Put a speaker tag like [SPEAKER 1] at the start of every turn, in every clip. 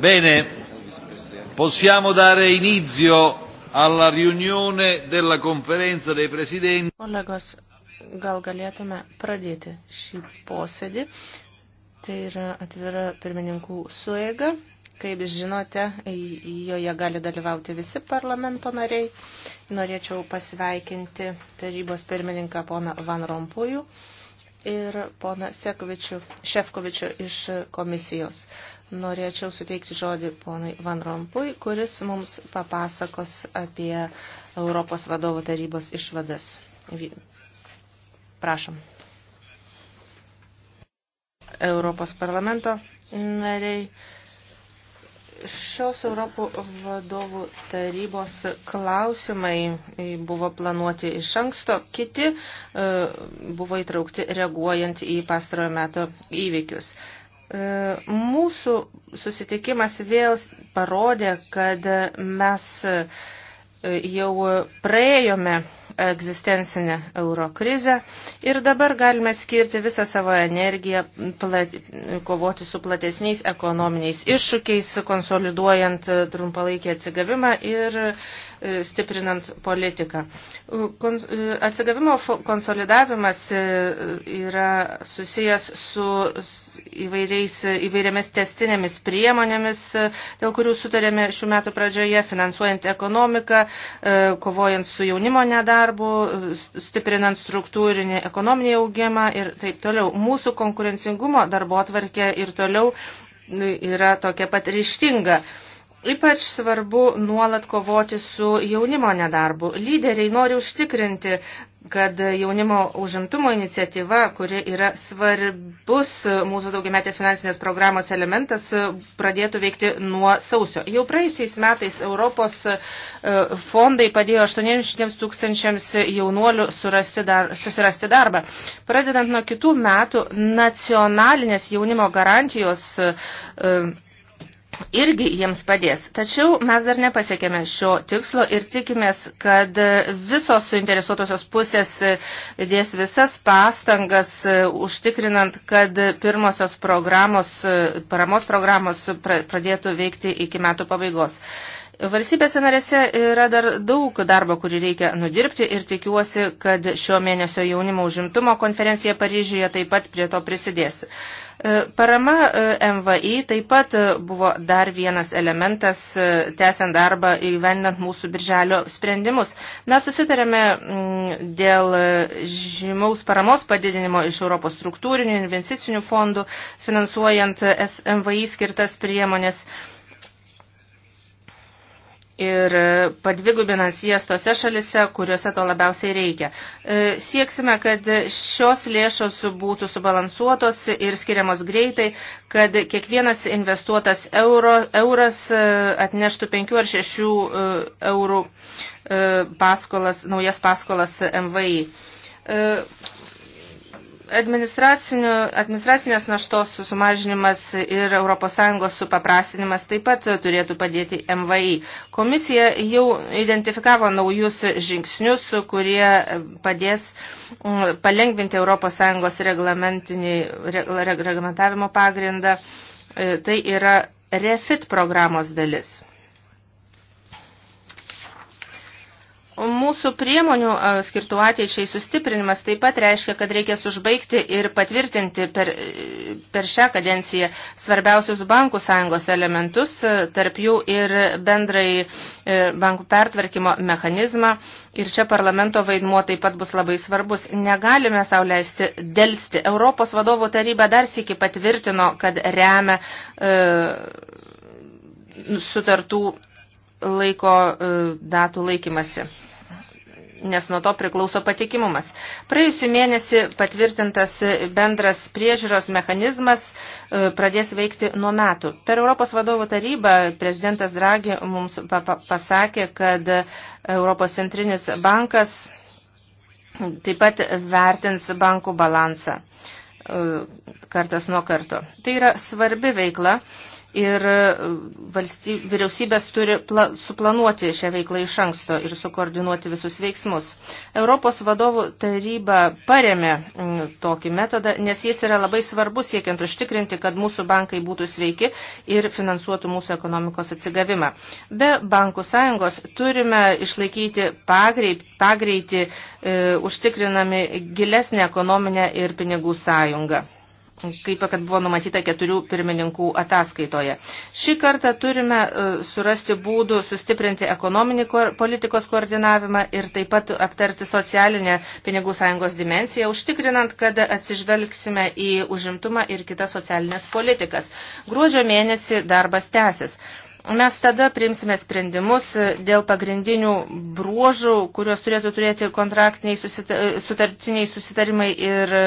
[SPEAKER 1] Bene, possiamo dare inizio alla riunione della conferenza dei presidenti.
[SPEAKER 2] Kolegos, gal galėtume pradėti šį posėdį. Tai yra atvira pirmininkų suėga. Kaip žinote, joje gali dalyvauti visi parlamento nariai. Norėčiau pasveikinti tarybos pirmininką poną Van Rompujų ir pona Sekovičiu, Šefkovičiu iš komisijos. Norėčiau suteikti žodį ponui Van Rompui, kuris mums papasakos apie Europos vadovo tarybos išvadas. Prašom. Europos parlamento nariai Šios Europų vadovų tarybos klausimai buvo planuoti iš anksto, kiti e, buvo įtraukti reaguojant į pastarojo meto įvykius. E, mūsų susitikimas vėl parodė, kad mes e, jau praėjome egzistencinę euro krizę ir dabar galime skirti visą savo energiją plat, kovoti su platesniais ekonominiais iššūkiais, konsoliduojant trumpalaikį atsigavimą ir uh, E, stiprinant politiką. E, atsigavimo konsolidavimas e, yra susijęs su įvairiamis testinėmis priemonėmis, dėl kurių sutarėme šių metų pradžioje, finansuojant ekonomiką, kovojant su jaunimo nedarbu, stiprinant struktūrinį ekonominį augimą ir taip toliau. Mūsų konkurencingumo darbo atvarkė ir toliau yra tokia pat ryštinga. Ypač svarbu nuolat kovoti su jaunimo nedarbu. Lyderiai nori užtikrinti, kad jaunimo užimtumo iniciatyva, kuri yra svarbus mūsų daugiametės finansinės programos elementas, pradėtų veikti nuo sausio. Jau praėjusiais metais Europos e, fondai padėjo 800 tūkstančiams jaunuolių dar, susirasti darbą. Pradedant nuo kitų metų, nacionalinės jaunimo garantijos uh, irgi jiems padės. Tačiau mes dar nepasiekėme šio tikslo ir tikimės, kad visos suinteresuotosios pusės dės visas pastangas e, užtikrinant, kad pirmosios programos, e, paramos programos pradėtų veikti iki metų pabaigos. Valstybėse narėse yra dar daug darbo, kurį reikia nudirbti ir tikiuosi, kad šio mėnesio jaunimo užimtumo konferencija Paryžiuje taip pat prie to prisidės. E, parama e, MVI taip pat e, buvo dar vienas elementas, tęsiant darbą įvendant mūsų birželio sprendimus. Mes susitarėme mm, dėl žymaus paramos padidinimo iš Europos struktūrinių investicinių fondų, finansuojant MVI skirtas priemonės ir padvigubinant jas tose šalise, kuriuose to labiausiai reikia. E, sieksime, kad šios lėšos būtų subalansuotos ir skiriamos greitai, kad kiekvienas investuotas euro, euras e, atneštų 5 ar 6 e, eurų paskolas, naujas paskolas MVI Administracinės naštos sumažinimas ir ES supaprastinimas taip pat turėtų padėti MVI. Komisija jau identifikavo naujus žingsnius, kurie padės mm, palengvinti ES reglamentavimo pagrindą. E, tai yra REFIT programos dalis. Mūsų priemonių skirtų ateičiai sustiprinimas taip pat reiškia, kad reikės užbaigti ir patvirtinti per, per šią kadenciją svarbiausius bankų sąjungos elementus, tarp jų ir bendrai e, bankų pertvarkymo mechanizmą. Ir čia parlamento vaidmuo taip pat bus labai svarbus. Negalime sau leisti dėlsti. Europos vadovų taryba dar sėki patvirtino, kad remia e, sutartų laiko e, datų laikymasi nes nuo to priklauso patikimumas. Praėjusį mėnesį patvirtintas bendras priežiūros mechanizmas e, pradės veikti nuo metų. Per Europos vadovų tarybą prezidentas Dragi mums pasakė, kad Europos centrinis bankas taip pat vertins bankų balansą e, kartas nuo karto. Tai yra svarbi veikla ir e, valstyb, vyriausybės turi pla, suplanuoti šią veiklą iš anksto ir sukoordinuoti visus veiksmus. Europos vadovų taryba paremė tokį metodą, nes jis yra labai svarbus siekiant užtikrinti, kad mūsų bankai būtų sveiki ir finansuotų mūsų ekonomikos atsigavimą. Be bankų sąjungos turime išlaikyti pagreitį, pagreitį e, užtikrinami gilesnę ekonominę ir pinigų sąjungą kaip kad buvo numatyta keturių pirmininkų ataskaitoje. Šį kartą turime e, surasti būdų sustiprinti ekonominį politikos koordinavimą ir taip pat aptarti socialinę pinigų sąjungos dimensiją, užtikrinant, kad atsižvelgsime į užimtumą ir kitas socialinės politikas. Gruodžio mėnesį darbas tęsis. Mes tada priimsime sprendimus dėl pagrindinių bruožų, kuriuos turėtų turėti kontraktiniai susita sutartiniai susitarimai ir e,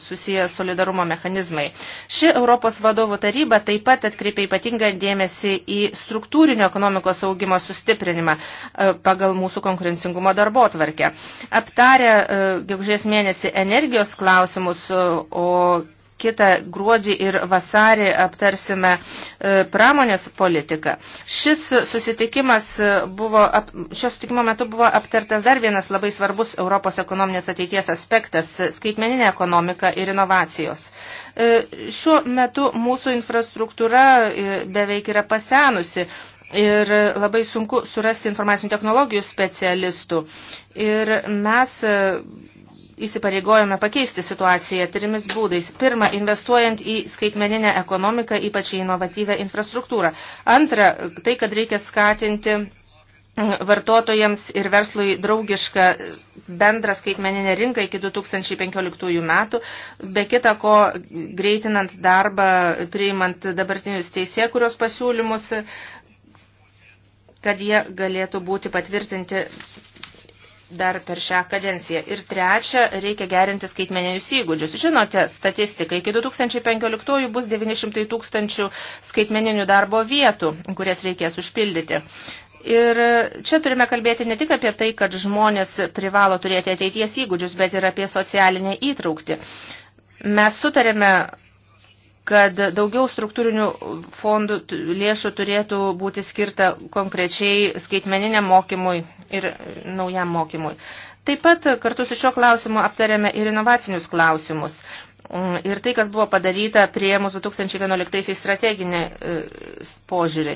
[SPEAKER 2] susiję solidarumo mechanizmai. Ši Europos vadovų taryba taip pat atkreipia ypatingą dėmesį į struktūrinio ekonomikos augimo sustiprinimą e, pagal mūsų konkurencingumo darbo tvarkę. Aptarę e, gegužės mėnesį energijos klausimus, o kitą gruodį ir vasarį aptarsime e, pramonės politiką. Šis susitikimas e, buvo, šio susitikimo metu buvo aptartas dar vienas labai svarbus Europos ekonominės ateities aspektas – skaitmeninė ekonomika ir inovacijos. E, šiuo metu mūsų infrastruktūra beveik yra pasenusi ir labai sunku surasti informacinių technologijų specialistų. Ir mes įsipareigojome pakeisti situaciją trimis būdais. Pirma, investuojant į skaitmeninę ekonomiką, ypač į inovatyvę infrastruktūrą. Antra, tai, kad reikia skatinti vartotojams ir verslui draugišką bendrą skaitmeninę rinką iki 2015 metų, be kita ko greitinant darbą, priimant dabartinius teisė, kurios pasiūlymus, kad jie galėtų būti patvirtinti dar per šią kadenciją. Ir trečia, reikia gerinti skaitmeninius įgūdžius. Žinote, statistika, iki 2015 bus 900 tūkstančių skaitmeninių darbo vietų, kurias reikės užpildyti. Ir čia turime kalbėti ne tik apie tai, kad žmonės privalo turėti ateities įgūdžius, bet ir apie socialinę įtraukti. Mes sutarėme kad daugiau struktūrinių fondų lėšų turėtų būti skirta konkrečiai skaitmeniniam mokymui ir naujam mokymui. Taip pat kartu su šiuo klausimu aptarėme ir inovacinius klausimus. Mm, ir tai, kas buvo padaryta prie mūsų 2011 strateginį e, požiūrį.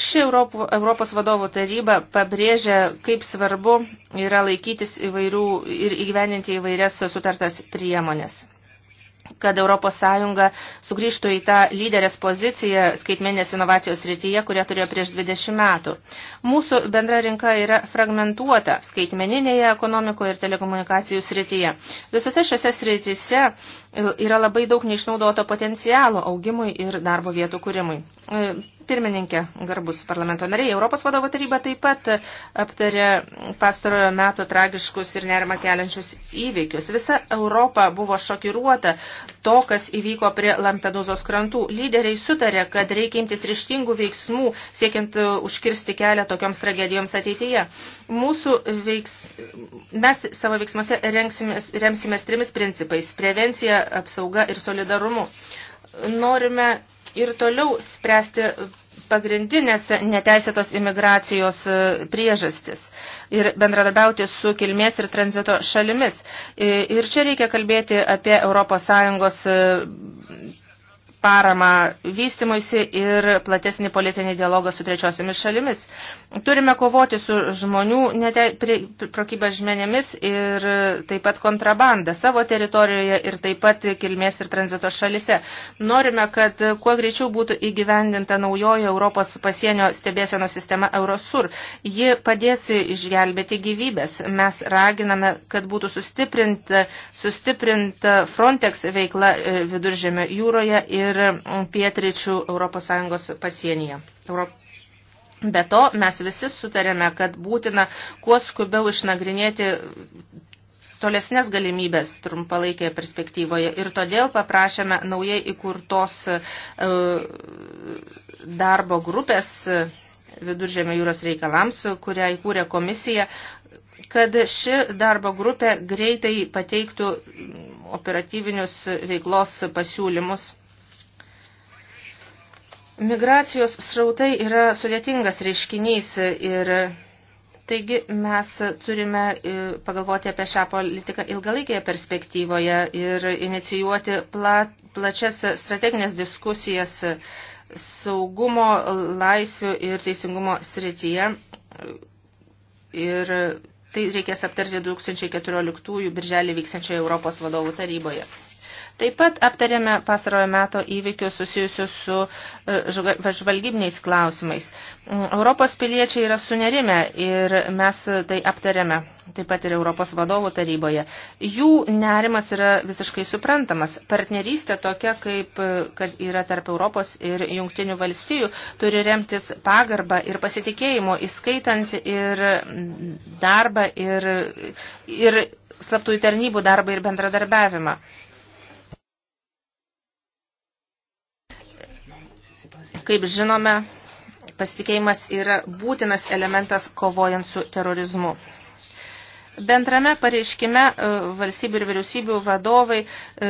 [SPEAKER 2] Ši Europos vadovų taryba pabrėžia, kaip svarbu yra laikytis įvairių ir įgyveninti įvairias sutartas priemonės kad ES sugrįžtų į tą lyderės poziciją skaitmenės inovacijos rytyje, kurią turėjo prieš 20 metų. Mūsų bendra rinka yra fragmentuota skaitmeninėje ekonomikoje ir telekomunikacijų srityje. Visose šiose srityse yra labai daug neišnaudoto potencialo augimui ir darbo vietų kūrimui pirmininkė, garbus parlamento nariai, Europos vadovo taryba taip pat aptarė pastarojo meto tragiškus ir nerima keliančius įvykius. Visa Europa buvo šokiruota to, kas įvyko prie Lampedūzos krantų. Lyderiai sutarė, kad reikia imtis ryštingų veiksmų, siekiant užkirsti kelią tokioms tragedijoms ateityje. Mūsų veiks... Mes savo veiksmuose remsimės, remsimės trimis principais – prevencija, apsauga ir solidarumu norime ir toliau spręsti pagrindinės neteisėtos imigracijos e, priežastis ir bendradarbiauti su kilmės ir tranzito šalimis. E, ir čia reikia kalbėti apie ES paramą vystimuisi ir platesnį politinį dialogą su trečiosiomis šalimis. Turime kovoti su žmonių nete, prokyba žmenėmis ir taip pat kontrabandą savo teritorijoje ir taip pat kilmės ir tranzito šalise. Norime, kad kuo greičiau būtų įgyvendinta naujoji Europos pasienio stebėsenos sistema Eurosur. Ji padės išgelbėti gyvybės. Mes raginame, kad būtų sustiprinta, sustiprinta Frontex veikla e, viduržėmio jūroje ir ir mm, pietričių ES pasienyje. Europ... Be to, mes visi sutarėme, kad būtina kuo skubiau išnagrinėti tolesnės galimybės trumpalaikėje perspektyvoje ir todėl paprašėme naujai įkurtos e, darbo grupės e, viduržėmio jūros reikalams, kurią įkūrė komisija, kad ši darbo grupė greitai pateiktų operatyvinius veiklos pasiūlymus Migracijos srautai yra sudėtingas reiškinys ir taigi mes turime e, pagalvoti apie šią politiką ilgalaikėje perspektyvoje ir inicijuoti pla, plačias strateginės diskusijas saugumo, laisvių ir teisingumo srityje. Ir tai reikės aptarti 2014 birželį vyksiančioje Europos vadovų taryboje. Taip pat aptarėme pastarojo meto įvykius susijusius su e, žvalgybiniais klausimais. Mm, Europos piliečiai yra sunerime ir mes tai aptarėme taip pat ir Europos vadovų taryboje. Jų nerimas yra visiškai suprantamas. Partnerystė tokia, kaip e, kad yra tarp Europos ir jungtinių valstijų, turi remtis pagarbą ir pasitikėjimo, įskaitant ir darbą ir, ir slaptųjų tarnybų darbą ir bendradarbiavimą. Kaip žinome, pasitikėjimas yra būtinas elementas kovojant su terorizmu. Bendrame pareiškime e, valstybių ir vyriausybių vadovai e,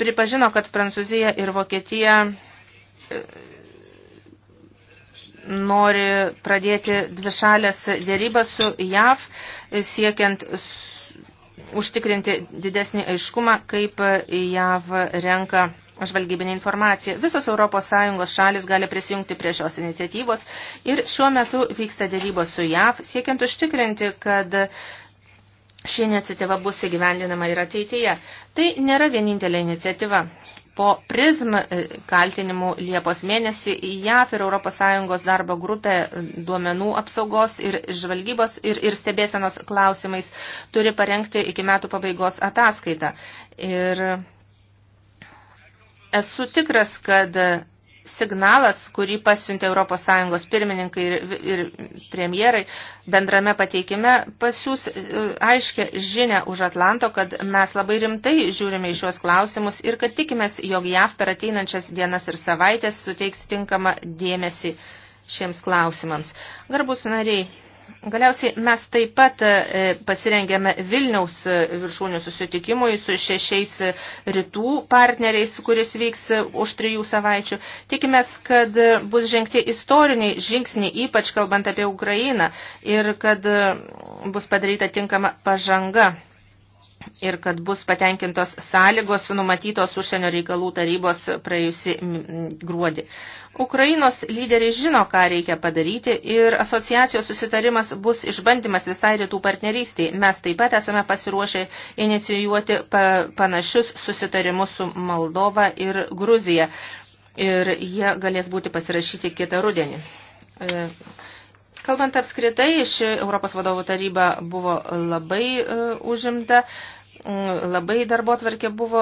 [SPEAKER 2] pripažino, kad Prancūzija ir Vokietija e, nori pradėti dvišalės dėrybas su JAV, siekiant užtikrinti didesnį aiškumą, kaip JAV renka žvalgybinė informacija. Visos ES šalis gali prisijungti prie šios iniciatyvos ir šiuo metu vyksta dėrybos su JAV, siekiant užtikrinti, kad ši iniciatyva bus įgyvendinama ir ateityje. Tai nėra vienintelė iniciatyva. Po prism e, kaltinimų Liepos mėnesį JAF ir ES darbo grupė e, duomenų apsaugos ir žvalgybos ir, ir stebėsenos klausimais turi parengti iki metų pabaigos ataskaitą. Ir Esu tikras, kad signalas, kurį pasiuntė ES pirmininkai ir, ir premjerai bendrame pateikime, pasiūs e, aiškę žinę už Atlanto, kad mes labai rimtai žiūrime į šios klausimus ir kad tikimės, jog JAV per ateinančias dienas ir savaitės suteiks tinkamą dėmesį šiems klausimams. Garbus nariai, Galiausiai mes taip pat e, pasirengėme Vilniaus e, viršūnių susitikimui su šešiais e, rytų partneriais, kuris vyks už trijų savaičių. Tikimės, kad bus žengti istoriniai žingsniai, ypač kalbant apie Ukrainą, ir kad bus padaryta tinkama pažanga ir kad bus patenkintos sąlygos numatytos užsienio reikalų tarybos praėjusi gruodį. Ukrainos lyderiai žino, ką reikia padaryti ir asociacijos susitarimas bus išbandymas visai rytų partnerystiai. Mes taip pat esame pasiruošę inicijuoti pa panašius susitarimus su Moldova ir Gruzija ir jie galės būti pasirašyti kitą rudenį. E Kalbant apskritai, ši Europos vadovų taryba buvo labai e, užimta, labai darbo tvarkė buvo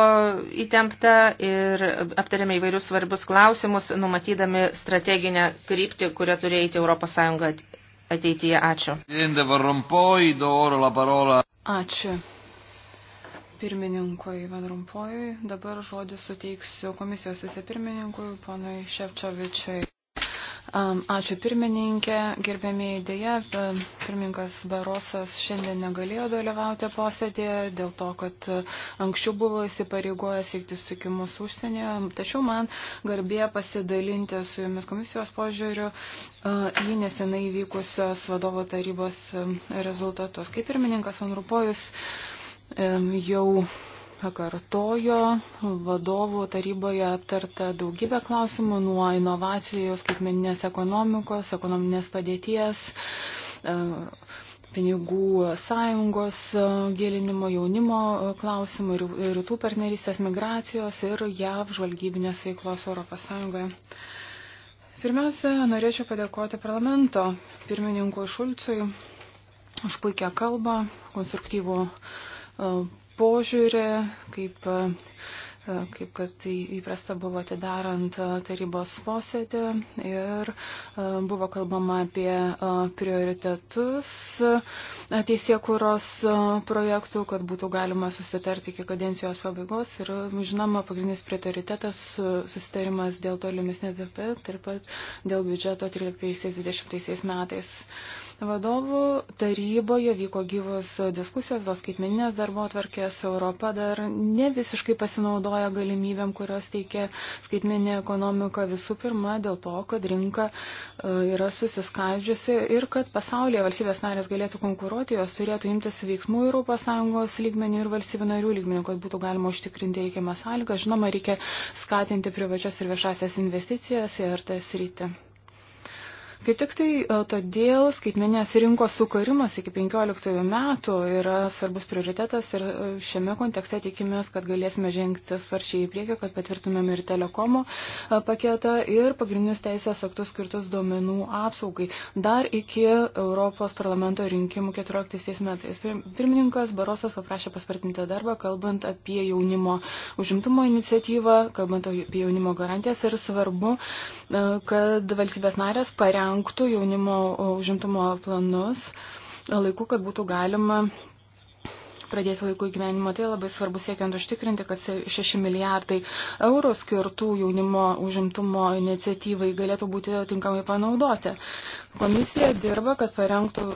[SPEAKER 2] įtempta ir aptarėme įvairius svarbius klausimus, numatydami strateginę kryptį, kurią turėjo eiti Europos Sąjunga ateityje. Ačiū.
[SPEAKER 3] Ačiū pirmininkui Ivan Rumpojui. Dabar žodį suteiksiu komisijos vicepirmininkui, ponui Ševčiovičiui. Ačiū pirmininkė, gerbėmiai dėja, pirmininkas Barosas šiandien negalėjo dalyvauti posėdėje dėl to, kad anksčiau buvo įsipareigojęs veikti sutikimus užsienyje, tačiau man garbė pasidalinti su jumis komisijos požiūriu į nesenai vykusios vadovo tarybos rezultatus. Kaip pirmininkas Anrupojus jau pakartojo vadovų taryboje aptarta daugybė klausimų nuo inovacijų, skaitmeninės ekonomikos, ekonominės padėties, e, pinigų sąjungos e, gilinimo jaunimo e, klausimų, rytų partnerystės migracijos ir JAV žvalgybinės veiklos ES. Pirmiausia, norėčiau padėkoti parlamento pirmininkui Šulcui už puikią kalbą, konstruktyvų požiūrį, kaip, e, kaip kad tai įprasta buvo atidarant e, tarybos posėdį ir e, buvo kalbama apie prioritetus teisėkūros projektų, kad būtų galima susitarti iki kadencijos pabaigos ir, žinoma, pagrindinis prioritetas susitarimas dėl tolimesnės DP, taip pat dėl biudžeto 13-20 metais. Vadovų taryboje vyko gyvos diskusijos dėl skaitmeninės darbo atvarkės. Europa dar ne visiškai pasinaudoja galimybėm, kurios teikia skaitmeninė ekonomika visų pirma dėl to, kad rinka e, yra susiskaldžiusi ir kad pasaulyje valstybės narės galėtų konkuruoti, jos turėtų imtis veiksmų ES lygmenių ir valstybių narių lygmenių, kad būtų galima užtikrinti reikiamą sąlygą. Žinoma, reikia skatinti privačias ir viešasias investicijas ir tas rytį. Kaip tik tai e, todėl skaitmenės rinkos sukarimas iki 15 metų yra svarbus prioritetas ir e, šiame kontekste tikimės, kad galėsime žengti svaršiai į priekį, kad patvirtumėm ir telekomo e, paketą ir pagrindinius teisės aktus skirtus duomenų apsaugai dar iki Europos parlamento rinkimų 14 metais. Pirmininkas Barosas paprašė paspartinti darbą, kalbant apie jaunimo užimtumo iniciatyvą, kalbant apie jaunimo garantijas ir svarbu, kad valstybės narės paremtų parengtų jaunimo užimtumo planus e, laiku, kad būtų galima pradėti laikų įgyvenimą. Tai labai svarbu siekiant užtikrinti, kad 6 milijardai eurų skirtų jaunimo užimtumo iniciatyvai galėtų būti tinkamai panaudoti. Komisija dirba, kad parengtų.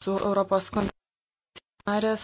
[SPEAKER 3] su Europos komisijos narės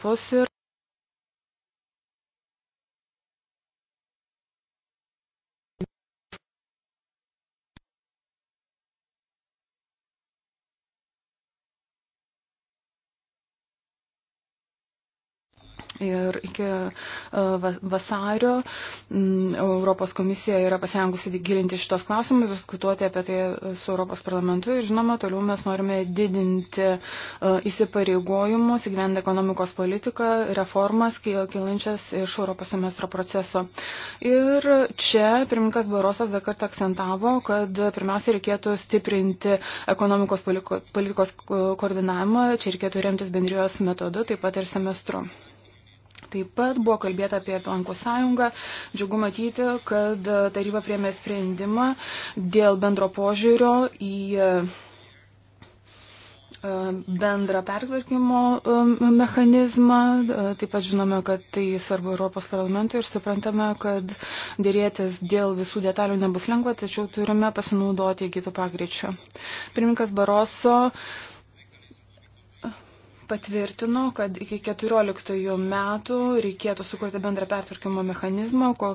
[SPEAKER 3] Pos ir Ir iki e, vasario Europos komisija yra pasirengusi gilinti šitos klausimus, diskutuoti apie tai su Europos parlamentu. Ir žinoma, toliau mes norime didinti e, įsipareigojimus, įgyvendinti ekonomikos politiką, reformas, kilančias iš Europos semestro proceso. Ir čia pirmininkas Barosas dar kartą akcentavo, kad pirmiausia reikėtų stiprinti ekonomikos politikos koordinavimą, čia reikėtų remtis bendrijos metodu, taip pat ir semestru. Taip pat buvo kalbėta apie bankų sąjungą. Džiugu matyti, kad taryba priemė sprendimą dėl bendro požiūrio į e, bendrą pertvarkymo e, mechanizmą. Taip pat žinome, kad tai svarbu Europos parlamentui ir suprantame, kad dėrėtis dėl visų detalių nebus lengva, tačiau turime pasinaudoti įgytų pagreičio. Pirmininkas Baroso patvirtino, kad iki 14 metų reikėtų sukurti bendrą pertvarkymo mechanizmą, ko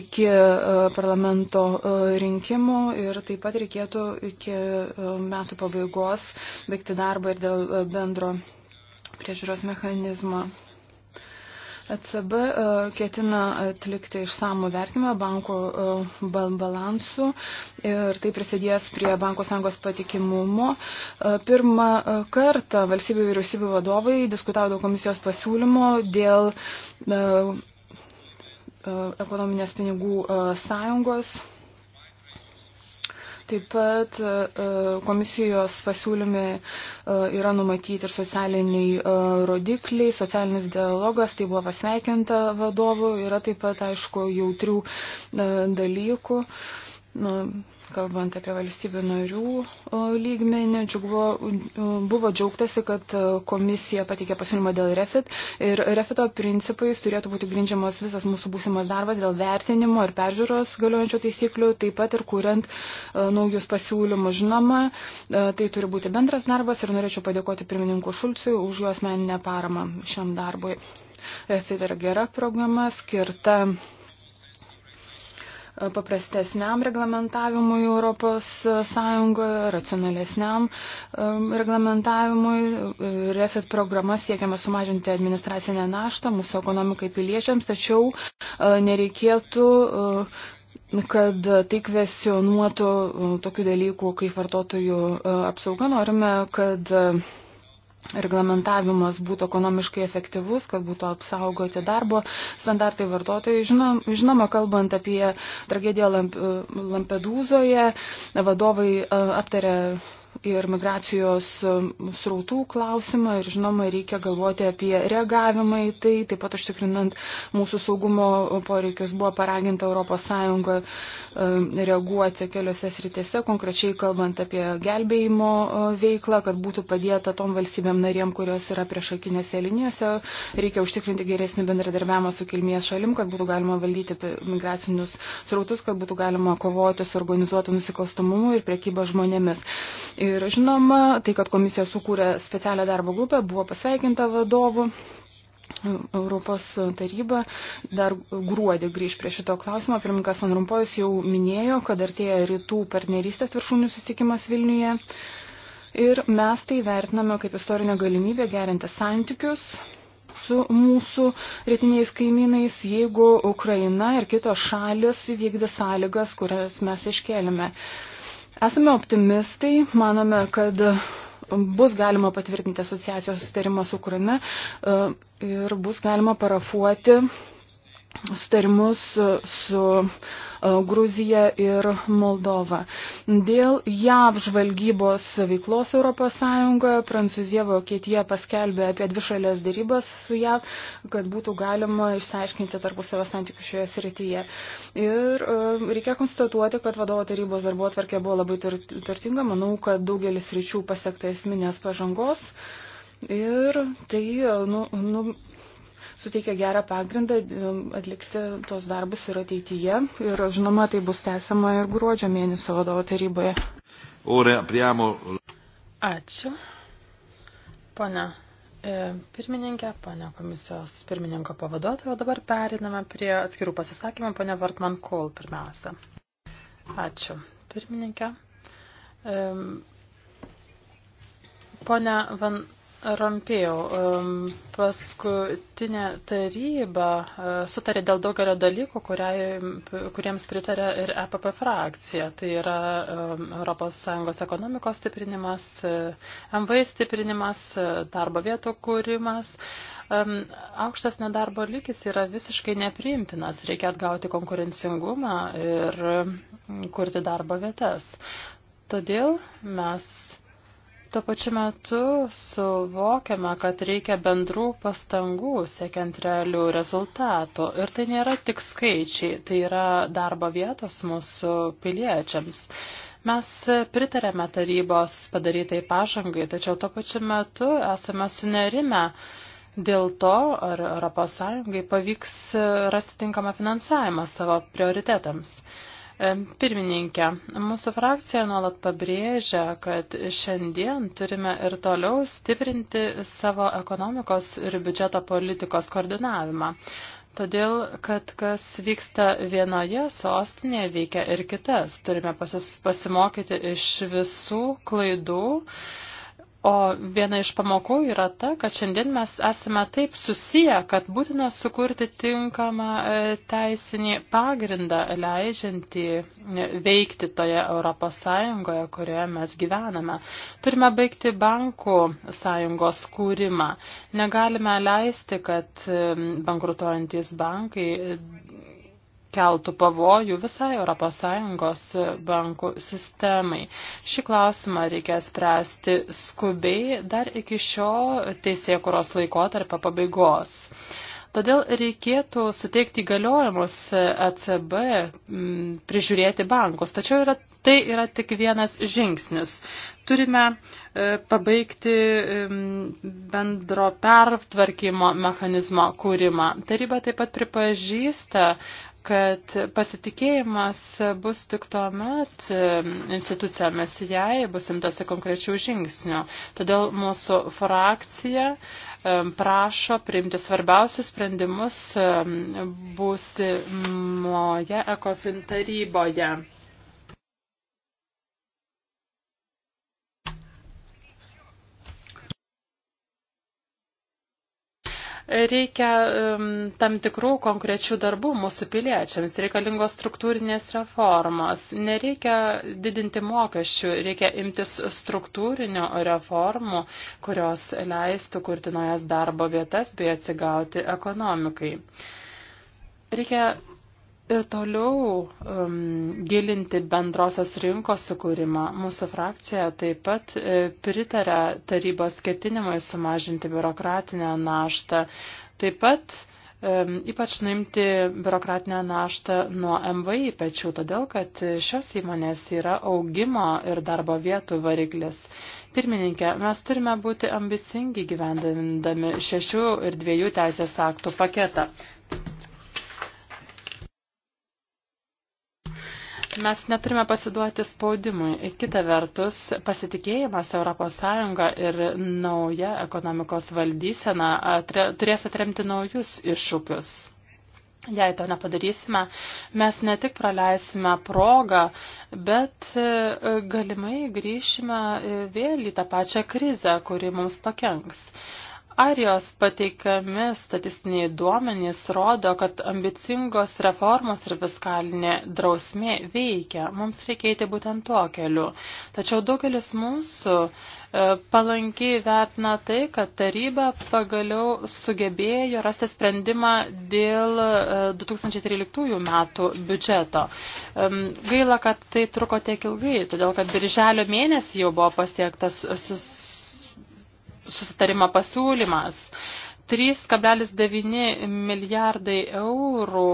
[SPEAKER 3] iki e, parlamento e, rinkimų ir taip pat reikėtų iki e, metų pabaigos baigti darbą ir dėl bendro priežiūros mechanizmo. ECB e, ketina atlikti išsamų vertimą banko e, balansų ir tai prisidės prie Banko sąjungos patikimumo. E, pirmą kartą valstybių vyriausybių vadovai diskutavo dėl komisijos pasiūlymo dėl ekonominės pinigų sąjungos Taip pat e, e, komisijos pasiūlyme yra numatyti ir socialiniai e, rodikliai, socialinis dialogas, tai buvo pasveikinta vadovų, yra taip pat, aišku, jautrių dalykų. Kalbant apie valstybių narių lygmenį, džiugvo, buvo džiaugtasi, kad komisija patikė pasiūlymą dėl refit ir refito principais turėtų būti grindžiamas visas mūsų būsimas darbas dėl vertinimo ir peržiūros galiojančių taisyklių, taip pat ir kuriant naujus pasiūlymus. Žinoma, tai turi būti bendras darbas ir norėčiau padėkoti pirmininku Šulciui už jo asmeninę paramą šiam darbui. Refit yra gera programa skirta paprastesniam reglamentavimui ES, racionalesniam reglamentavimui. Refit programa siekiama sumažinti administracinę naštą mūsų ekonomikai piliečiams, tačiau e, nereikėtų e, kad tai kvesionuotų e, tokių dalykų kaip vartotojų apsauga. Norime, kad reglamentavimas būtų ekonomiškai efektyvus, kad būtų apsaugoti darbo standartai vartotojai. Žinom, žinoma, kalbant apie tragediją Lampedūzoje, vadovai aptarė ir migracijos um, srautų klausimą ir žinoma reikia galvoti apie reagavimą į tai, taip pat užtikrinant mūsų saugumo poreikius buvo paraginta ES um, reaguoti keliose sritėse, konkrečiai kalbant apie gelbėjimo uh, veiklą, kad būtų padėta tom valstybėm narėm, kurios yra priešakinėse linijose, reikia užtikrinti geresnį bendradarbiavimą su kilmės šalim, kad būtų galima valdyti migracinius srautus, kad būtų galima kovoti su organizuotu nusikalstumumu ir priekyba žmonėmis. Ir Ir žinoma, tai, kad komisija sukūrė specialią darbo grupę, buvo pasveikinta vadovų. E, Europos taryba dar gruodį grįž prie šito klausimo. Pirmininkas Van Rumpojus jau minėjo, kad artėja rytų partnerystės viršūnių susitikimas Vilniuje. Ir mes tai vertiname kaip istorinę galimybę gerinti santykius su mūsų rytiniais kaimynais, jeigu Ukraina ir kitos šalis įvykdė sąlygas, kurias mes iškelime. Uh, Esame optimistai, manome, kad bus galima patvirtinti asociacijos sutarimą su Ukraina e, ir bus galima parafuoti sutarimus su, su e, Gruzija ir Moldova. Dėl JAV žvalgybos veiklos ES Prancūzija Vokietija paskelbė apie dvišalės darybas su JAV, kad būtų galima išsiaiškinti tarpusavio santykių šioje srityje. Ir e, reikia konstatuoti, kad vadovo tarybos darbo atvarkė buvo labai turtinga. Manau, kad daugelis ryčių pasiekta esminės pažangos. Ir tai, e, nu, nu, suteikia gerą pagrindą um, atlikti tuos darbus ir ateityje. Ir žinoma, tai bus tęsiama ir gruodžio mėnesio vadovo taryboje. Ačiū.
[SPEAKER 4] Pone e, pirmininkė, pone komisijos pirmininko pavaduotojo, dabar periname prie atskirų pasisakymų, pone Vartman Kol pirmiausia. Ačiū. Pirmininkė. Pone Van Rompėjau, paskutinė taryba e, sutarė dėl daugelio dalykų, kuriai, kuriems pritarė ir EPP frakcija. Tai yra ES ekonomikos stiprinimas, e, MVI stiprinimas, e, darbo vietų kūrimas. Aukštas nedarbo lygis yra visiškai nepriimtinas. Reikia atgauti konkurencingumą ir kurti darbo vietas. Todėl mes Tuo pačiu metu suvokiame, kad reikia bendrų pastangų siekiant realių rezultatų. Ir tai nėra tik skaičiai, tai yra darbo vietos mūsų piliečiams. Mes pritarėme tarybos padarytai pažangai, tačiau tuo pačiu metu esame sunerime dėl to, ar ES pavyks rasti tinkamą finansavimą savo prioritetams. E, pirmininkė, mūsų frakcija nuolat pabrėžia, kad šiandien turime ir toliau stiprinti savo ekonomikos ir biudžeto politikos koordinavimą. Todėl, kad kas vyksta vienoje sostinėje, veikia ir kitas. Turime pasis, pasimokyti iš visų klaidų O viena iš pamokų yra ta, kad šiandien mes esame taip susiję, kad būtina sukurti tinkamą e, teisinį pagrindą, leidžiantį e, veikti toje Europos Sąjungoje, kurioje mes gyvename. Turime baigti bankų sąjungos kūrimą. Negalime leisti, kad e, bankrutuojantis bankai keltų pavojų visai ES bankų sistemai. Šį klausimą reikia spręsti skubiai dar iki šio teisėkuros laikotarpio pabaigos. Todėl reikėtų suteikti įgaliojimus ECB mm, prižiūrėti bankus. Tačiau yra, tai yra tik vienas žingsnis. Turime e, pabaigti mm, bendro pertvarkymo mechanizmo kūrimą. Taryba taip pat pripažįsta kad pasitikėjimas bus tik tuo met institucijomis, jei bus imtasi konkrečių žingsnių. Todėl mūsų frakcija prašo priimti svarbiausius sprendimus būsimoje ekofin taryboje. Reikia um, tam tikrų konkrečių darbų mūsų piliečiams, reikalingos struktūrinės reformos, nereikia didinti mokesčių, reikia imtis struktūrinių reformų, kurios leistų kurti naujas darbo vietas bei atsigauti ekonomikai. Reikia ir toliau um, gilinti bendrosios rinkos sukūrimą. Mūsų frakcija taip pat e, pritarė tarybos ketinimui sumažinti biurokratinę naštą. Taip pat um, ypač nuimti biurokratinę naštą nuo MVI pečių, todėl kad šios įmonės yra augimo ir darbo vietų variklis. Pirmininkė, mes turime būti ambicingi gyvendami šešių ir dviejų teisės aktų paketą. Mes neturime pasiduoti spaudimui. Kita vertus, pasitikėjimas ES ir nauja ekonomikos valdysena atre, turės atremti naujus iššūkius. Jei to nepadarysime, mes ne tik praleisime progą, bet e, galimai grįšime e, vėl į tą pačią krizę, kuri mums pakenks. Arijos pateikiami statistiniai duomenys rodo, kad ambicingos reformos ir fiskalinė drausmė veikia. Mums reikia eiti būtent tuo keliu. Tačiau daugelis mūsų e, palankiai vertina tai, kad taryba pagaliau sugebėjo rasti sprendimą dėl 2013 e, metų biudžeto. Gaila, kad tai truko tiek ilgai, todėl kad birželio mėnesį jau buvo pasiektas sus susitarimo pasiūlymas. 3,9 milijardai eurų,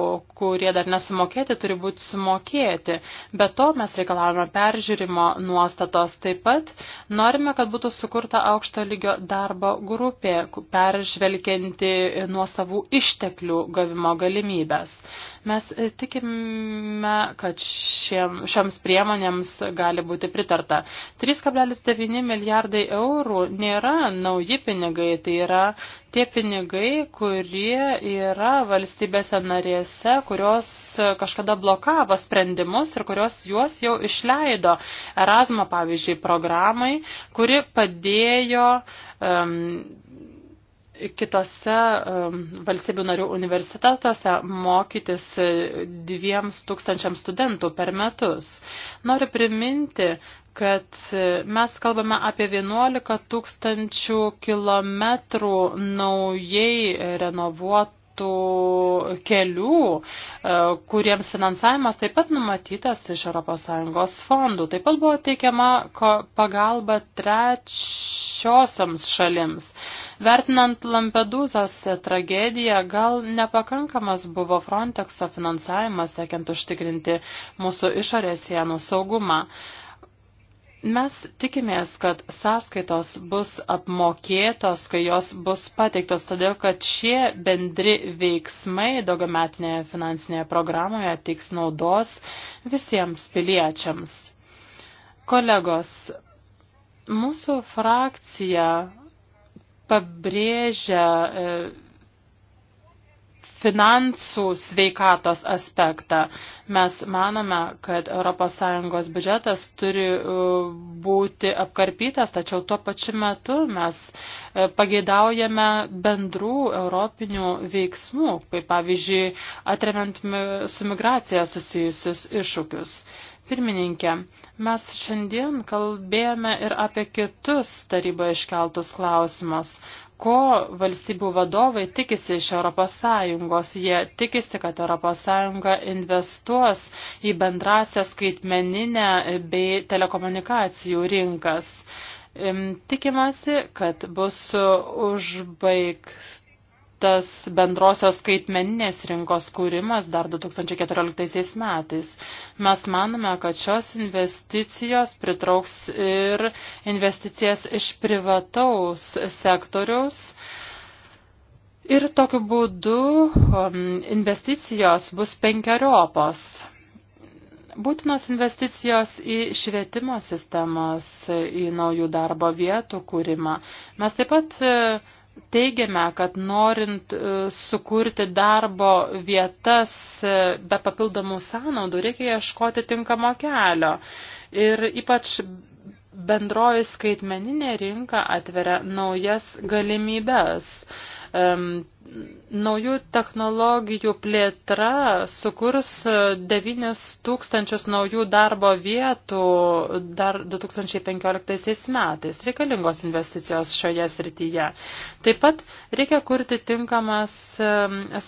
[SPEAKER 4] kurie dar nesumokėti, turi būti sumokėti. Be to mes reikalavome peržiūrimo nuostatos taip pat. Norime, kad būtų sukurta aukšto lygio darbo grupė, peržvelgianti nuosavų išteklių gavimo galimybės. Mes e, tikime, kad šiem, šioms priemonėms gali būti pritarta. 3,9 milijardai eurų nėra nauji pinigai, tai yra tie pinigai, kurie yra valstybėse narėse, kurios kažkada blokavo sprendimus ir kurios juos jau išleido. Erasmo, pavyzdžiui, programai, kuri padėjo um, kitose um, valstybių narių universitetuose mokytis e, dviems tūkstančiams studentų per metus. Noriu priminti, kad e, mes kalbame apie 11 tūkstančių kilometrų naujai renovuotų projektų kelių, e, kuriems finansavimas taip pat numatytas iš ES fondų. Taip pat buvo teikiama pagalba trečiosiams šalims. Vertinant Lampedūzas tragediją, gal nepakankamas buvo Frontexo finansavimas, siekiant užtikrinti mūsų išorės sienų saugumą. Mes tikimės, kad sąskaitos bus apmokėtos, kai jos bus pateiktos, todėl kad šie bendri veiksmai daugiametinėje finansinėje programoje teiks naudos visiems piliečiams. Kolegos, mūsų frakcija pabrėžia e, finansų sveikatos aspektą. Mes manome, kad ES biudžetas turi e, būti apkarpytas, tačiau tuo pačiu metu mes e, pageidaujame bendrų europinių veiksmų, kaip pavyzdžiui, atremiant su migracija susijusius iššūkius. Pirmininkė, mes šiandien kalbėjome ir apie kitus taryboje iškeltus klausimus ko valstybių vadovai tikisi iš ES. Jie tikisi, kad ES investuos į bendrąsią skaitmeninę bei telekomunikacijų rinkas. Tikimasi, kad bus užbaigta tas bendrosios skaitmeninės rinkos kūrimas dar 2014 metais. Mes manome, kad šios investicijos pritrauks ir investicijas iš privataus sektoriaus. Ir tokiu būdu um, investicijos bus penkeriopos būtinos investicijos į švietimo sistemas, į naujų darbo vietų kūrimą. Mes taip pat teigiame, kad norint e, sukurti darbo vietas e, be papildomų sąnaudų, reikia ieškoti tinkamo kelio. Ir ypač bendroji skaitmeninė rinka atveria naujas galimybes. Naujų technologijų plėtra sukurs 9 tūkstančius naujų darbo vietų dar 2015 metais. Reikalingos investicijos šioje srityje. Taip pat reikia kurti tinkamas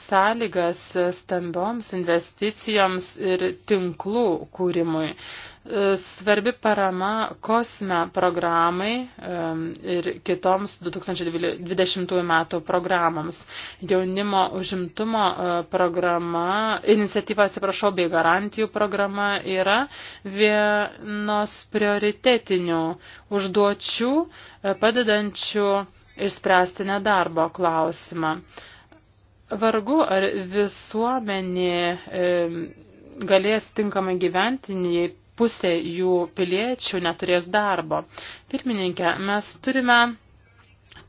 [SPEAKER 4] sąlygas stambioms investicijoms ir tinklų kūrimui. E, svarbi parama kosme programai e, ir kitoms 2020 metų programams. Jaunimo užimtumo e, programa, iniciatyva atsiprašau, bei garantijų programa yra vienos prioritetinių užduočių padedančių išspręsti nedarbo klausimą. Vargu ar visuomenė galės tinkamai gyventi, jei pusė jų piliečių neturės darbo. Pirmininkė, mes turime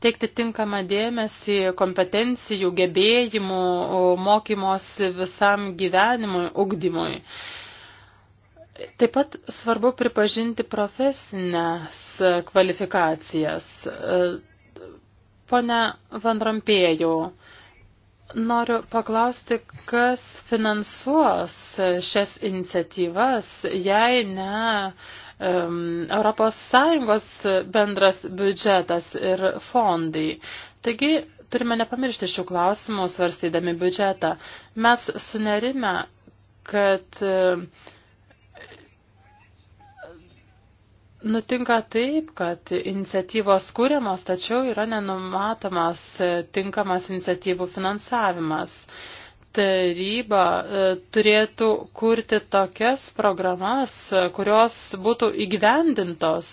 [SPEAKER 4] teikti tinkamą dėmesį kompetencijų, gebėjimų, mokymosi visam gyvenimui, ugdymui. Taip pat svarbu pripažinti profesinės kvalifikacijas. Pone Vandrompėjau, Noriu paklausti, kas finansuos šias iniciatyvas, jei ne um, Europos Sąjungos bendras biudžetas ir fondai. Taigi turime nepamiršti šių klausimų svarstydami biudžetą. Mes sunerime, kad uh, Nutinka taip, kad iniciatyvos kūriamos, tačiau yra nenumatomas e, tinkamas iniciatyvų finansavimas. Taryba e, turėtų kurti tokias programas, e, kurios būtų įgyvendintos,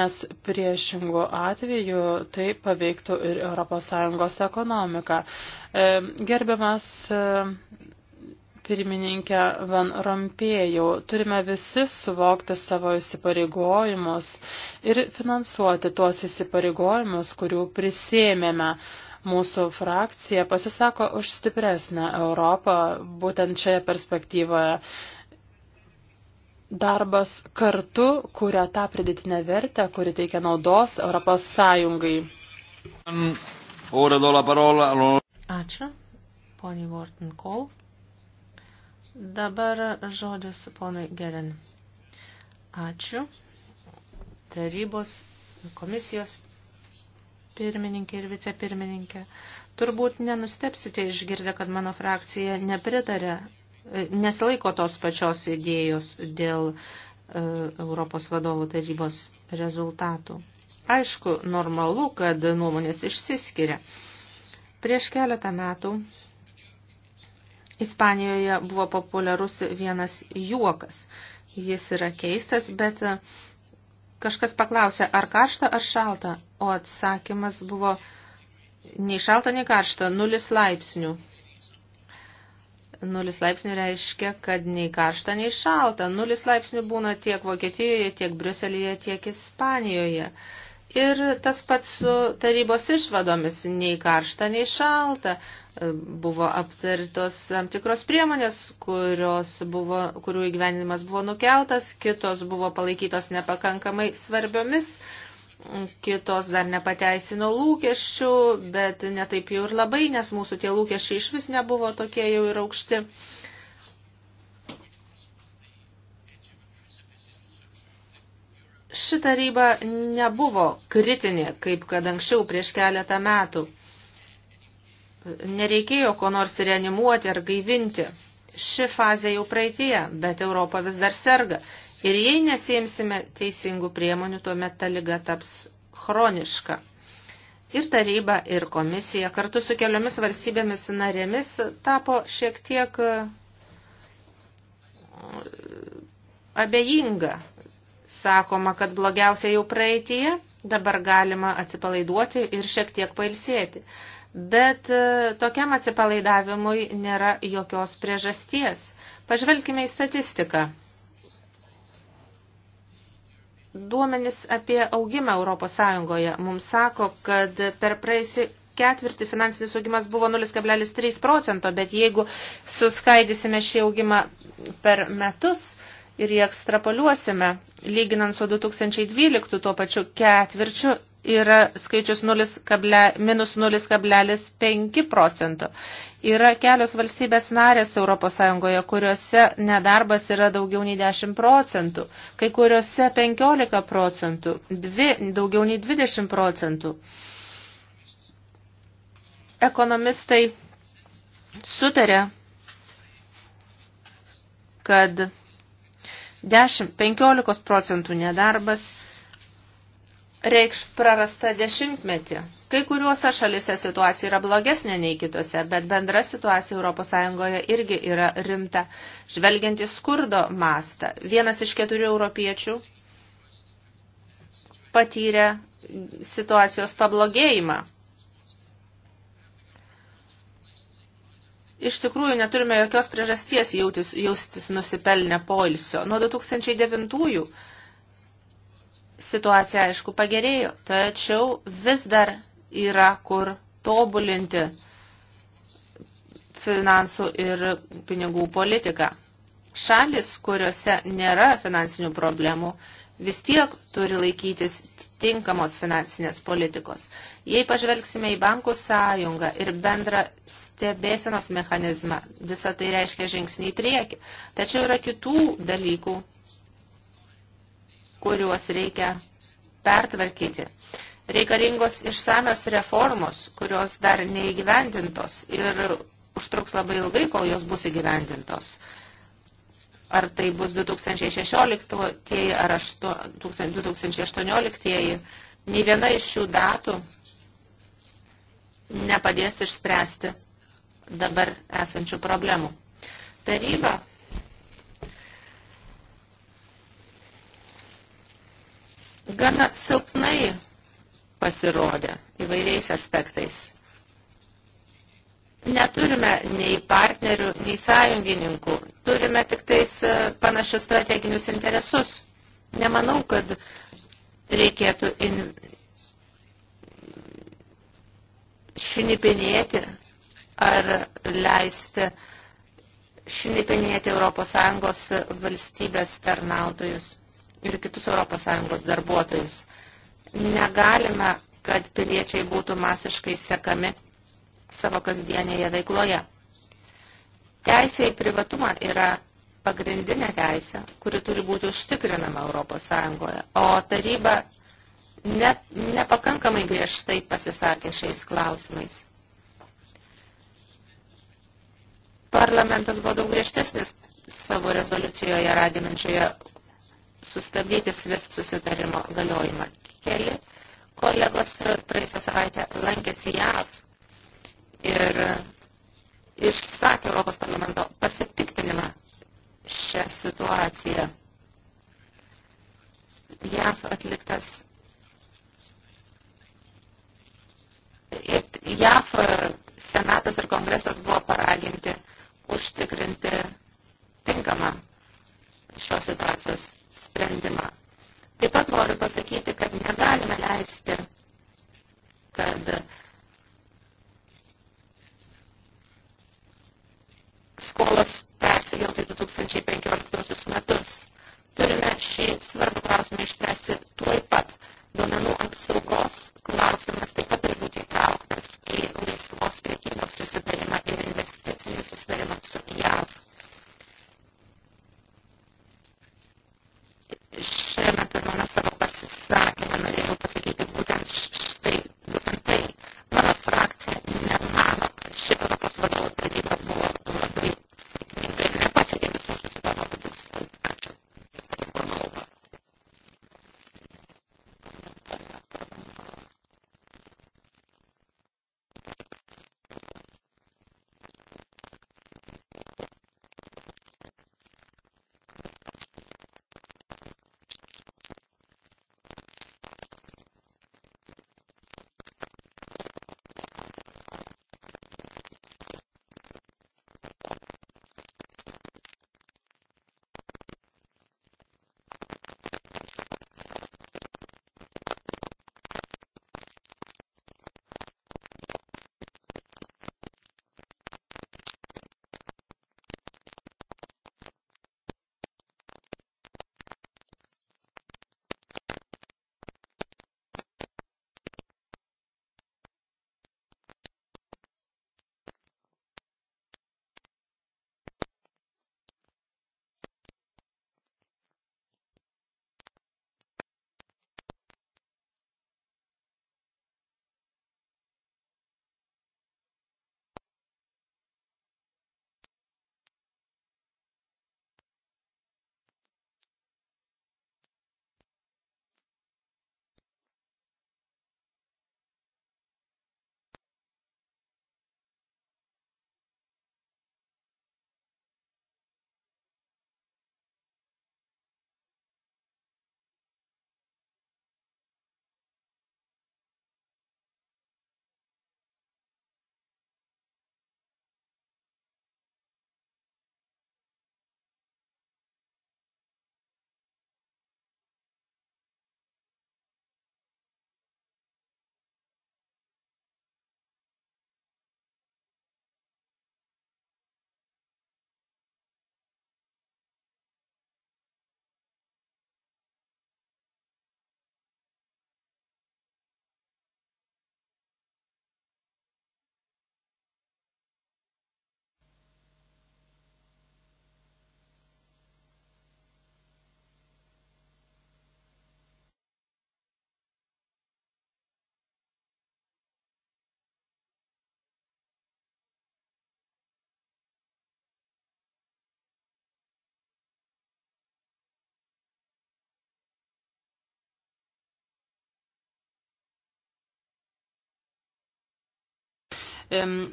[SPEAKER 4] nes priešingų atveju tai paveiktų ir ES ekonomiką. Gerbiamas pirmininkė Van Rompėjau, turime visi suvokti savo įsipareigojimus ir finansuoti tuos įsipareigojimus, kurių prisėmėme. Mūsų frakcija pasisako už stipresnę Europą būtent šioje perspektyvoje. Darbas kartu kuria tą pridėtinę vertę, kuri teikia naudos Europos
[SPEAKER 2] Sąjungai.
[SPEAKER 1] Ačiū,
[SPEAKER 2] poniai Vorten Kolf. Dabar žodis ponui Gerin. Ačiū. Tarybos komisijos pirmininkė ir vicepirmininkė. Turbūt nenustepsite išgirdę, kad mano frakcija nepritarė, nesilaiko tos pačios idėjos dėl e, Europos vadovų tarybos rezultatų. Aišku, normalu, kad nuomonės išsiskiria. Prieš keletą metų Ispanijoje buvo populiarus vienas juokas. Jis yra keistas, bet e, kažkas paklausė, ar karšta, ar šalta, o atsakymas buvo nei šalta, nei karšta, nulis laipsnių. Nulis laipsnių reiškia, kad nei karšta, nei šalta. Nulis laipsnių būna tiek Vokietijoje, tiek Briuselėje, tiek Ispanijoje. Ir tas pats su tarybos išvadomis, nei karšta, nei šalta, e, buvo aptartos tam tikros priemonės, kurios buvo, kurių įgyvenimas buvo nukeltas, kitos buvo palaikytos nepakankamai svarbiomis, kitos dar nepateisino lūkesčių, bet netaip jau ir labai, nes mūsų tie lūkesčiai iš vis nebuvo tokie jau ir aukšti. ši taryba nebuvo kritinė, kaip kad anksčiau prieš keletą metų. Nereikėjo ko nors reanimuoti ar gaivinti. Ši fazė jau praeitie, bet Europa vis dar serga. Ir jei nesėmsime teisingų priemonių, tuomet ta lyga taps chroniška. Ir taryba, ir komisija kartu su keliomis valstybėmis narėmis tapo šiek tiek e, abejinga sakoma, kad blogiausia jau praeitie, dabar galima atsipalaiduoti ir šiek tiek pailsėti. Bet e, tokiam atsipalaidavimui nėra jokios priežasties. Pažvelkime į statistiką. Duomenis apie augimą Europos Sąjungoje mums sako, kad per praėjusį ketvirtį finansinis augimas buvo 0,3 procento, bet jeigu suskaidysime šį augimą per metus, ir jį ekstrapoliuosime, lyginant su 2012 tuo pačiu ketvirčiu, yra skaičius 0, minus 0,5 procento. Yra kelios valstybės narės ES, kuriuose nedarbas yra daugiau nei 10 procentų, kai kuriuose 15 procentų, dvi, daugiau nei 20 procentų. Ekonomistai sutarė, kad 10-15 procentų nedarbas reikš prarasta dešimtmetį. Kai kuriuose šalise situacija yra blogesnė nei kitose, bet bendra situacija ES irgi yra rimta. Žvelgiant į skurdo mastą, vienas iš keturių europiečių patyrė situacijos pablogėjimą. iš tikrųjų neturime jokios priežasties jautis, jaustis nusipelnę poilsio. Nuo 2009 situacija, aišku, pagerėjo, tačiau vis dar yra kur tobulinti finansų ir pinigų politiką. Šalis, kuriuose nėra finansinių problemų, vis tiek turi laikytis tinkamos finansinės politikos. Jei pažvelgsime į bankų sąjungą ir bendrą stebėsenos mechanizmą, visa tai reiškia žingsnį į priekį. Tačiau yra kitų dalykų, kuriuos reikia pertvarkyti. Reikalingos išsamios reformos, kurios dar neįgyvendintos ir užtruks labai ilgai, kol jos bus įgyvendintos ar tai bus 2016 ar 2018, nei viena iš šių datų nepadės išspręsti dabar esančių problemų. Taryba gana silpnai pasirodė įvairiais aspektais neturime nei partnerių, nei sąjungininkų. Turime tik tais e, panašius strateginius interesus. Nemanau, kad reikėtų in... šinipinėti ar leisti šinipinėti ES valstybės tarnautojus ir kitus ES darbuotojus. Negalime, kad piliečiai būtų masiškai sekami savo kasdienėje veikloje. Teisė į privatumą yra pagrindinė teisė, kuri turi būti užtikrinama ES, o taryba ne, nepakankamai griežtai pasisakė šiais klausimais. Parlamentas buvo daug griežtesnis savo rezoliucijoje raginančioje sustabdyti SWIFT susitarimo galiojimą. Keli kolegos
[SPEAKER 5] praėjusią savaitę lankėsi JAV ir e, išsakė Europos parlamento pasipiktinimą šią situaciją. JAF atliktas JAF senatas ir kongresas buvo paraginti užtikrinti tinkamą šios situacijos sprendimą. Taip pat noriu pasakyti, kad negalime leisti, kad uh, skolas persikeltų į 2015 metus. Turime šį svarbų klausimą išspręsti tuoj pat. Duomenų apsaugos klausimas taip pat turi būti įtrauktas į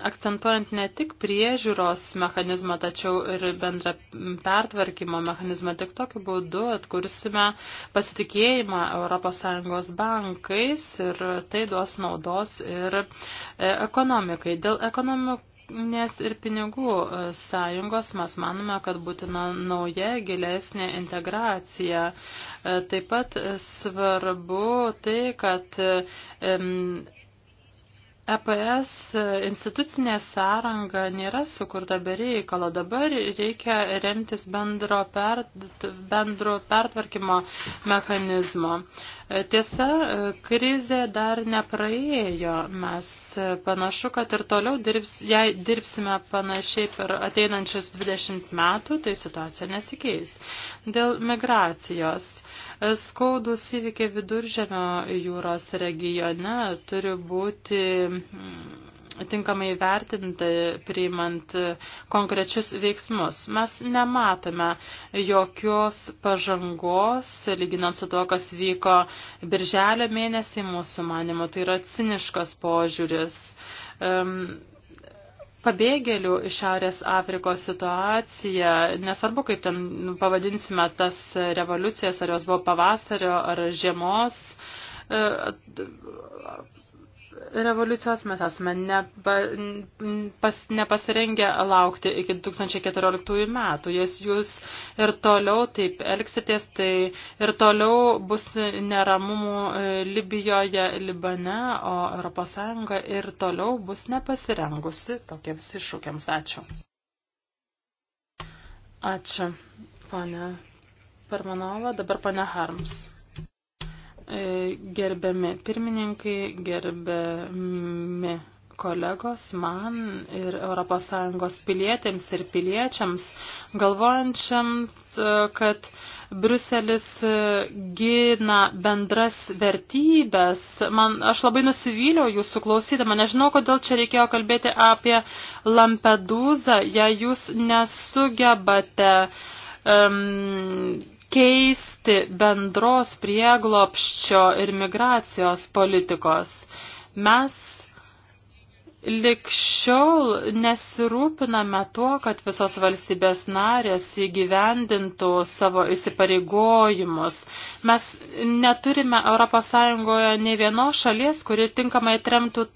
[SPEAKER 4] akcentuojant ne tik priežiūros mechanizmą, tačiau ir bendrą pertvarkymo mechanizmą. Tik tokiu būdu atkursime pasitikėjimą ES bankais ir tai duos naudos ir e, ekonomikai. Dėl ekonomikų Nes ir pinigų e, sąjungos mes manome, kad būtina nauja, gilesnė integracija. E, taip pat svarbu tai, kad EPS e, institucinė sąranga nėra sukurta be reikalo. Dabar reikia remtis bendro, per, bendro pertvarkymo mechanizmo. Tiesa, krizė dar nepraėjo. Mes panašu, kad ir toliau dirbs, jei dirbsime panašiai per ateinančius 20 metų, tai situacija nesikeis. Dėl migracijos. Skaudus įvykiai viduržėmio jūros regione turi būti. Mm, tinkamai vertinti, priimant konkrečius veiksmus. Mes nematome jokios pažangos, lyginant su to, kas vyko birželio mėnesį mūsų manimo. Tai yra ciniškas požiūris. Um, pabėgėlių iš Šiaurės Afrikos situacija, nesvarbu, kaip ten pavadinsime tas revoliucijas, ar jos buvo pavasario ar žiemos, revoliucijos mes esame nepa, pas, nepasirengę laukti iki 2014 metų. Jei jūs ir toliau taip elgsitės, tai ir toliau bus neramumų e, Libijoje, Libane, o ES ir toliau bus nepasirengusi tokiems iššūkiams. Ačiū. Ačiū, ponė Parmanova, dabar ponė Harms. E, gerbiami pirmininkai, gerbiami kolegos, man ir ES pilietėms ir piliečiams, galvojančiams, e, kad Bruselis e, gina bendras vertybės. Man, aš labai nusivyliau jūsų klausydama, nežinau, kodėl čia reikėjo kalbėti apie Lampedūzą, jei jūs nesugebate um, keisti bendros prieglopščio ir migracijos politikos. Mes likščiol nesirūpiname tuo, kad visos valstybės narės įgyvendintų savo įsipareigojimus. Mes neturime ES nei vienos šalies, kuri tinkamai tremtų e,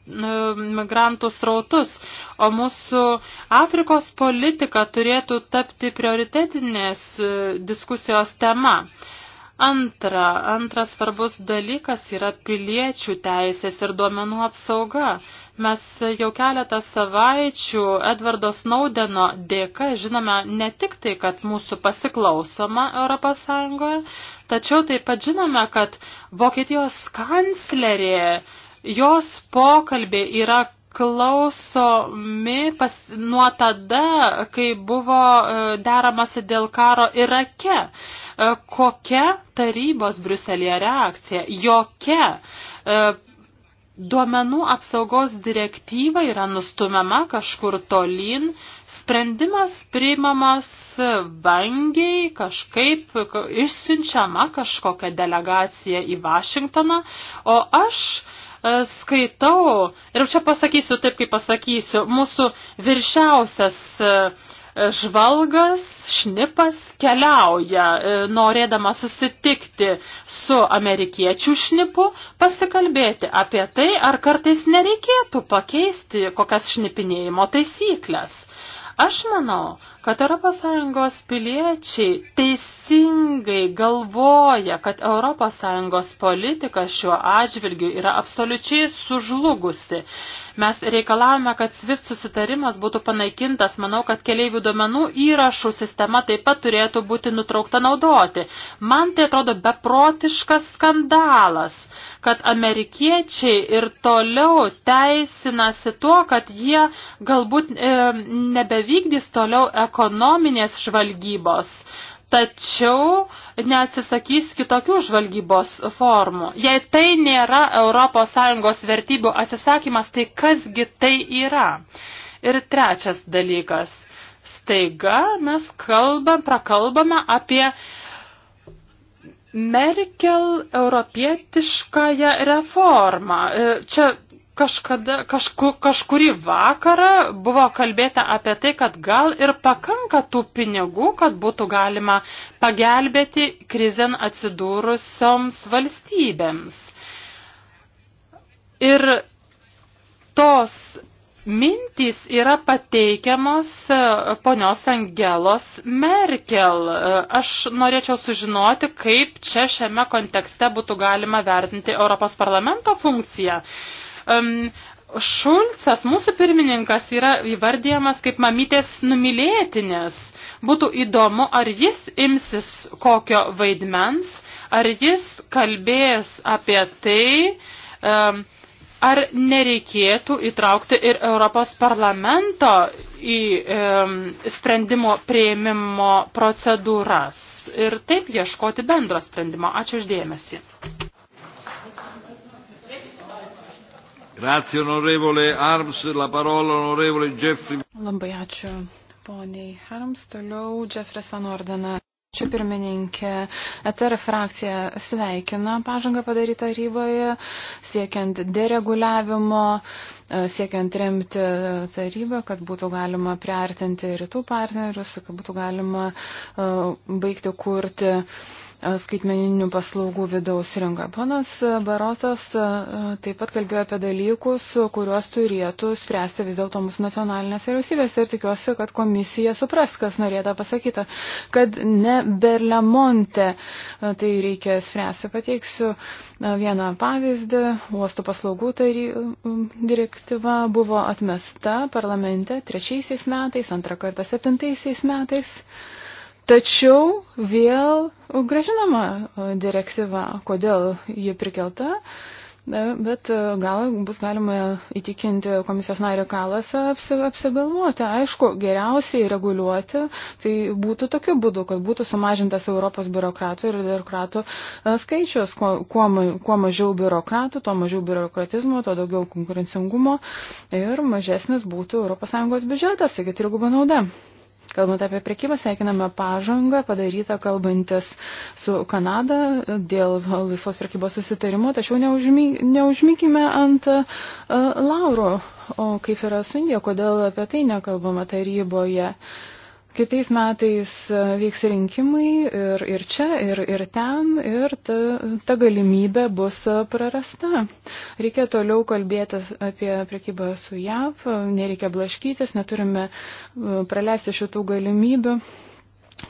[SPEAKER 4] migrantų srautus, o mūsų Afrikos politika turėtų tapti prioritetinės e, diskusijos tema. Antra, antras svarbus dalykas yra piliečių teisės ir duomenų apsauga. Mes jau keletą savaičių Edvardo Snaudeno dėka žinome ne tik tai, kad mūsų pasiklausoma ES, tačiau taip pat žinome, kad Vokietijos kanclerė, jos pokalbė yra klausomi pas, nuo tada, kai buvo e, deramasi dėl karo Irake. E, kokia tarybos Bruselėje reakcija? Jokia e, Duomenų apsaugos direktyva yra nustumiama kažkur tolyn, sprendimas priimamas vangiai, kažkaip išsiunčiama kažkokia delegacija į Vašingtoną, o aš e, skaitau, ir čia pasakysiu taip, kaip pasakysiu, mūsų viršiausias uh, žvalgas, šnipas keliauja, e, norėdama susitikti su amerikiečių šnipu, pasikalbėti apie tai, ar kartais nereikėtų pakeisti kokias šnipinėjimo taisyklės. Aš manau, kad ES piliečiai teisingai galvoja, kad ES politika šiuo atžvilgiu yra absoliučiai sužlugusi. Mes reikalavome, kad SWIFT susitarimas būtų panaikintas. Manau, kad keliaivių duomenų įrašų sistema taip pat turėtų būti nutraukta naudoti. Man tai atrodo beprotiškas skandalas, kad amerikiečiai ir toliau teisinasi tuo, kad jie galbūt e, nebevykdys toliau ekonominės žvalgybos, tačiau neatsisakys kitokių žvalgybos formų. Jei tai nėra ES vertybių atsisakymas, tai kasgi tai yra? Ir trečias dalykas. Staiga mes kalbam, prakalbame apie Merkel europietiškąją reformą. Čia kažkada, kažku, kažkurį vakarą buvo kalbėta apie tai, kad gal ir pakanka tų pinigų, kad būtų galima pagelbėti krizen atsidūrusioms valstybėms. Ir tos mintys yra pateikiamos e, ponios Angelos Merkel. E, aš norėčiau sužinoti, kaip čia šiame kontekste būtų galima vertinti Europos parlamento funkciją. Uh, Um, Šulcas, mūsų pirmininkas, yra įvardyjamas kaip mamytės numylėtinės. Būtų įdomu, ar jis imsis kokio vaidmens, ar jis kalbės apie tai, um, ar nereikėtų įtraukti ir Europos parlamento į um, sprendimo prieimimo procedūras ir taip ieškoti bendro sprendimo. Ačiū uždėmesi.
[SPEAKER 1] Grazie onorevole Arms, la parola onorevole Jeffrey.
[SPEAKER 4] Labai ačiū
[SPEAKER 3] poniai Harms, toliau Jeffrey Van Ordena. Čia pirmininkė ETR frakcija sveikina pažangą padarytą ryboje, siekiant dereguliavimo, e, siekiant remti tarybą, kad būtų galima priartinti rytų partnerius, kad būtų galima e, baigti kurti uh, skaitmeninių paslaugų vidaus rinką. Panas Barosas e, taip pat kalbėjo apie dalykus, kuriuos turėtų spręsti vis dėlto mūsų nacionalinės vyriausybės ir tikiuosi, kad komisija supras, kas norėta pasakyta, kad ne Berlemonte e, tai reikia spręsti. Pateiksiu e, vieną pavyzdį. Uosto paslaugų tai direktyva buvo atmesta parlamente trečiaisiais metais, antrą kartą septintaisiais metais. Tačiau vėl gražinama e, direktyva, kodėl ji prikelta, e, bet e, gal bus galima įtikinti komisijos narį Kalasą apsigalvoti. Aišku, geriausiai reguliuoti, tai būtų tokiu būdu, kad būtų sumažintas Europos biurokratų ir biurokratų skaičius. Kuo, kuo, kuo mažiau biurokratų, tuo mažiau biurokratizmo, tuo daugiau konkurencingumo ir mažesnis būtų ES biudžetas, taigi triguba nauda. Kalbant apie prekybą, sveikiname pažangą padarytą kalbantis su Kanada dėl laisvos prekybos susitarimo, tačiau neužmy, neužmykime ant uh, lauro, o kaip yra su Indija, kodėl apie tai nekalbama taryboje. Uh, Kitais metais e, vyks rinkimai ir, ir čia, ir, ir ten, ir ta, ta galimybė bus e, prarasta. Reikia toliau kalbėti apie prekybą su JAV, nereikia blaškytis, neturime e, praleisti šitų galimybių.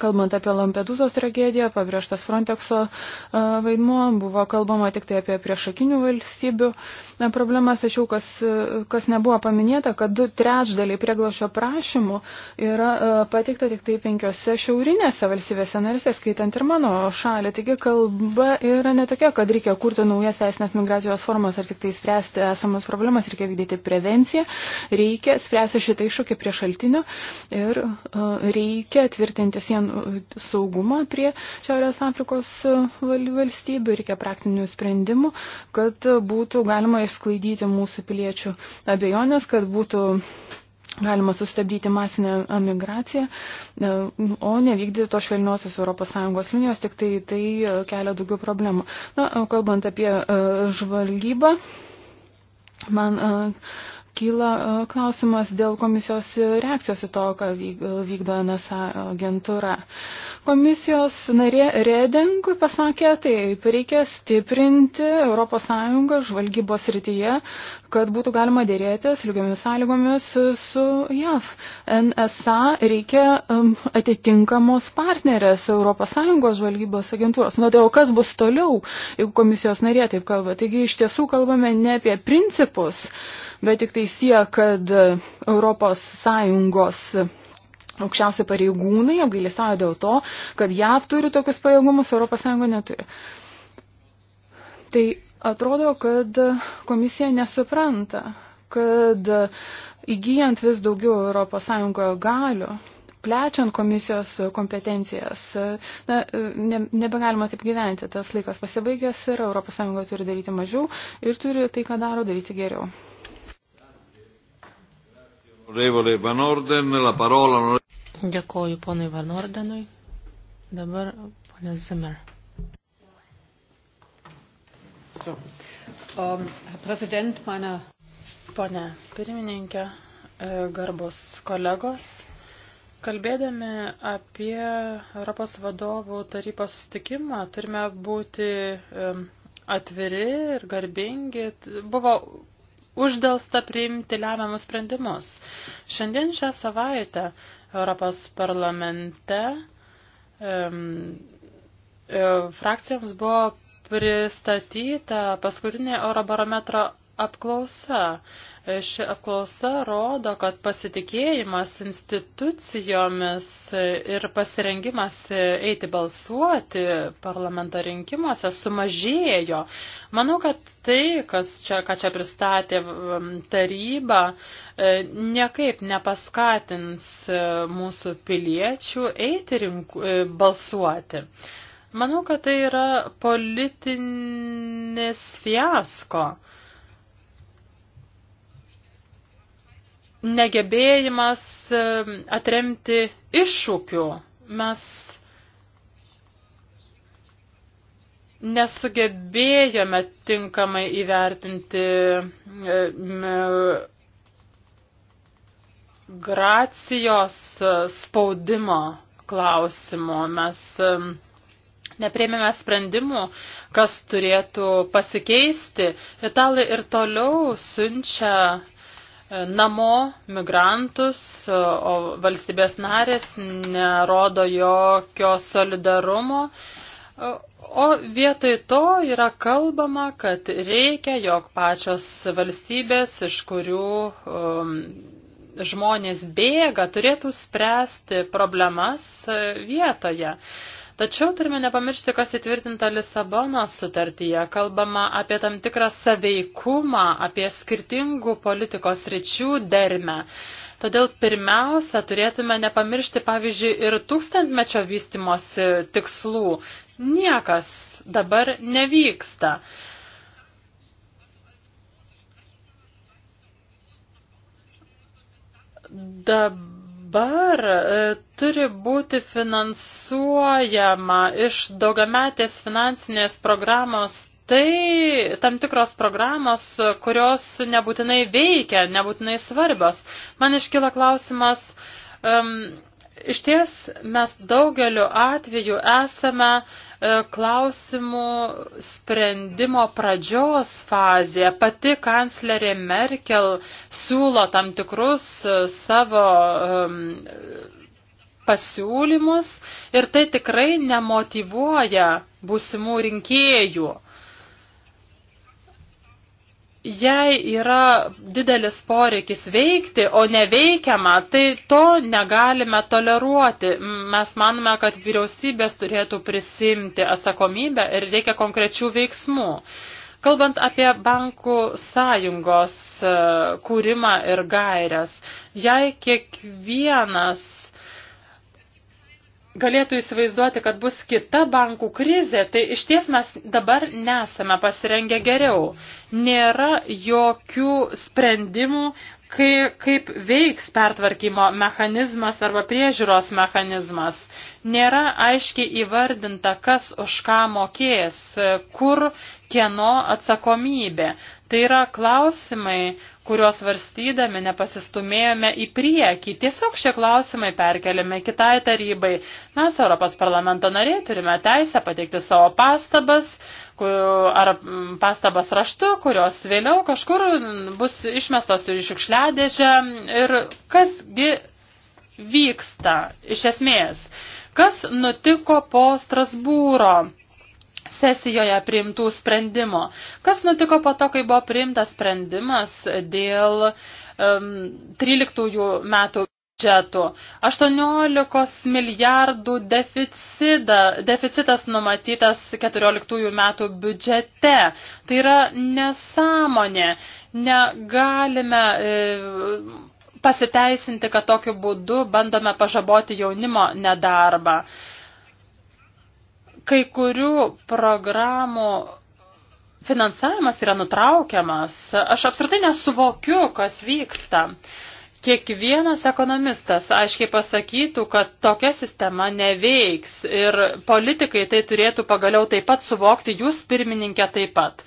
[SPEAKER 3] Kalbant apie Lampedūzos tragediją, pabrėžtas Frontexo e, vaidmuo, buvo kalbama tik tai apie priešakinių valstybių e, problemas, tačiau kas, e, kas nebuvo paminėta, kad du trečdaliai prieglošio prašymų yra pateikta tik tai penkiose šiaurinėse valstybėse narėse, skaitant ir mano šalį. Taigi kalba yra netokia, kad reikia kurti naujas esnės migracijos formas ar tik tai spręsti esamas problemas, reikia vykdyti prevenciją, reikia spręsti šitą iššūkį prie šaltinio ir reikia tvirtinti sieną E, saugumą prie Šiaurės Afrikos e, valstybių, reikia praktinių sprendimų, kad e, būtų galima išsklaidyti mūsų piliečių abejonės, kad būtų galima sustabdyti masinę migraciją, o nevykdyti to švelniosios ES linijos, tik tai tai kelia daugiau problemų. Na, kalbant apie žvalgybą, man Kyla e, klausimas dėl komisijos reakcijos į to, ką e, vykdo NSA agentūra. Komisijos narė Reding pasakė, taip, reikia stiprinti ES žvalgybos rytyje, kad būtų galima dėrėtis lygiomis sąlygomis su, su JAV. NSA reikia um, atitinkamos partnerės ES žvalgybos agentūros. Na, tai o kas bus toliau, jeigu komisijos narė taip kalba? Taigi iš tiesų kalbame ne apie principus, uh, bet tik tai siek, kad ES aukščiausia pareigūnai apgailestauja dėl to, kad JAV turi tokius pajėgumus, ES neturi. Tai atrodo, kad komisija nesupranta, kad įgyjant vis daugiau ES galių, plečiant komisijos kompetencijas, na, ne, nebegalima taip gyventi, tas laikas pasibaigęs ir ES turi daryti mažiau ir turi tai, ką daro, daryti geriau.
[SPEAKER 1] Dėkoju
[SPEAKER 2] ponui Van Ordenui. Dabar ponė Zimmer.
[SPEAKER 4] So. Um, Herr Präsident, meine Pone pirmininkė, e, garbus kolegos, kalbėdami apie Europos vadovų tarybos sustikimą turime būti atviri ir garbingi. Buvo uždėlsta priimti lemiamus sprendimus. Šiandien šią savaitę Europos parlamente um, e, e, frakcijoms buvo pristatyta paskutinė Eurobarometro apklausa. Ši apklausa rodo, kad pasitikėjimas institucijomis ir pasirengimas eiti balsuoti parlamento rinkimuose sumažėjo. Manau, kad tai, kas čia, ką čia pristatė um, taryba, e, niekaip nepaskatins e, mūsų piliečių eiti rinku, e, balsuoti. Manau, kad tai yra politinis fiasko. negebėjimas e, atremti iššūkių. Mes nesugebėjome tinkamai įvertinti e, gracijos spaudimo klausimo. Mes e, neprieimėme sprendimų, kas turėtų pasikeisti. Italai ir toliau siunčia E, namo migrantus, e, o valstybės narės nerodo jokio solidarumo. E, o vietoj to yra kalbama, kad reikia, jog pačios valstybės, iš kurių um, žmonės bėga, turėtų spręsti problemas vietoje. Uh, Tačiau turime nepamiršti, kas įtvirtinta Lisabonos sutartyje. Kalbama apie tam tikrą saveikumą, apie skirtingų politikos ryčių dermę. Todėl pirmiausia, turėtume nepamiršti, pavyzdžiui, ir tūkstantmečio vystimosi tikslų. Niekas dabar nevyksta. Dabar dabar e, turi būti finansuojama iš daugiametės finansinės programos tai tam tikros programos, kurios nebūtinai veikia, nebūtinai svarbios. Man iškyla klausimas, um, Iš ties mes daugeliu atveju esame e, klausimų sprendimo pradžios fazėje. Pati kanclerė Merkel siūlo tam tikrus e, savo um, pasiūlymus ir tai tikrai nemotivuoja būsimų rinkėjų jei yra didelis poreikis veikti, o neveikiama, tai to negalime toleruoti. Mes manome, kad vyriausybės turėtų prisimti atsakomybę ir reikia konkrečių veiksmų. Kalbant apie bankų sąjungos e, kūrimą ir gairias, jei kiekvienas galėtų įsivaizduoti, kad bus kita bankų krizė, tai iš ties mes dabar nesame pasirengę geriau. Nėra jokių sprendimų kai, kaip veiks pertvarkymo mechanizmas arba priežiūros mechanizmas. Nėra aiškiai įvardinta, kas už ką mokės, kur kieno atsakomybė. Tai yra klausimai, kuriuos varstydami nepasistumėjome į priekį. Tiesiog šie klausimai perkeliame kitai tarybai. Mes, Europos parlamento nariai, turime teisę pateikti savo pastabas, ar pastabas raštu, kurios vėliau kažkur bus išmestos į šiukšliadėžę. Ir kasgi vyksta iš esmės? Kas nutiko po Strasbūro? sesijoje priimtų sprendimo. Kas nutiko po to, kai buvo priimtas sprendimas dėl um, 13 metų biudžetų. 18 milijardų deficida, deficitas numatytas 14 metų biudžete. Tai yra nesąmonė. Negalime e, pasiteisinti, kad tokiu būdu bandome pažaboti jaunimo nedarbą. Kai kurių programų finansavimas yra nutraukiamas. Aš apskritai nesuvokiu, kas vyksta. E, Kiekvienas ekonomistas aiškiai pasakytų, kad tokia sistema neveiks ir politikai tai turėtų pagaliau taip pat suvokti, jūs pirmininkė taip pat.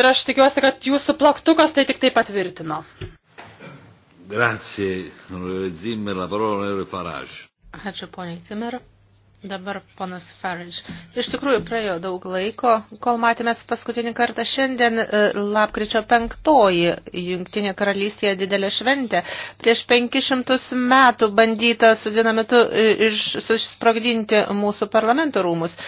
[SPEAKER 4] Ir aš tikiuosi, kad jūsų plaktukas tai tik
[SPEAKER 2] tai patvirtino.
[SPEAKER 1] Grazie, Zimmer, la parola
[SPEAKER 2] Farage. Ačiū, poniai Zimmer. Dabar ponas Farage. Iš tikrųjų, praėjo daug laiko, kol matėmės paskutinį kartą. Šiandien e, lapkričio penktoji Jungtinė karalystėje didelė šventė. Prieš 500 metų bandyta su dinamitu e, iš, susprogdinti mūsų parlamento rūmus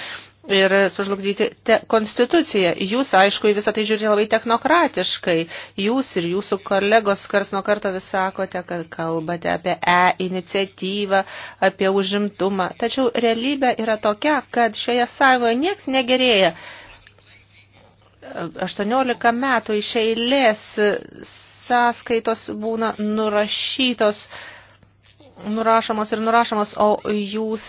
[SPEAKER 2] ir sužlugdyti te, konstituciją. Jūs, aišku, į visą tai žiūrite labai technokratiškai. Jūs ir jūsų kolegos kars nuo karto vis sakote, kad kalbate apie e-iniciatyvą, apie užimtumą. Tačiau realybė yra tokia, kad šioje sąjungoje nieks negerėja. 18 metų iš eilės sąskaitos būna nurašytos, nurašomos ir nurašomos, o jūs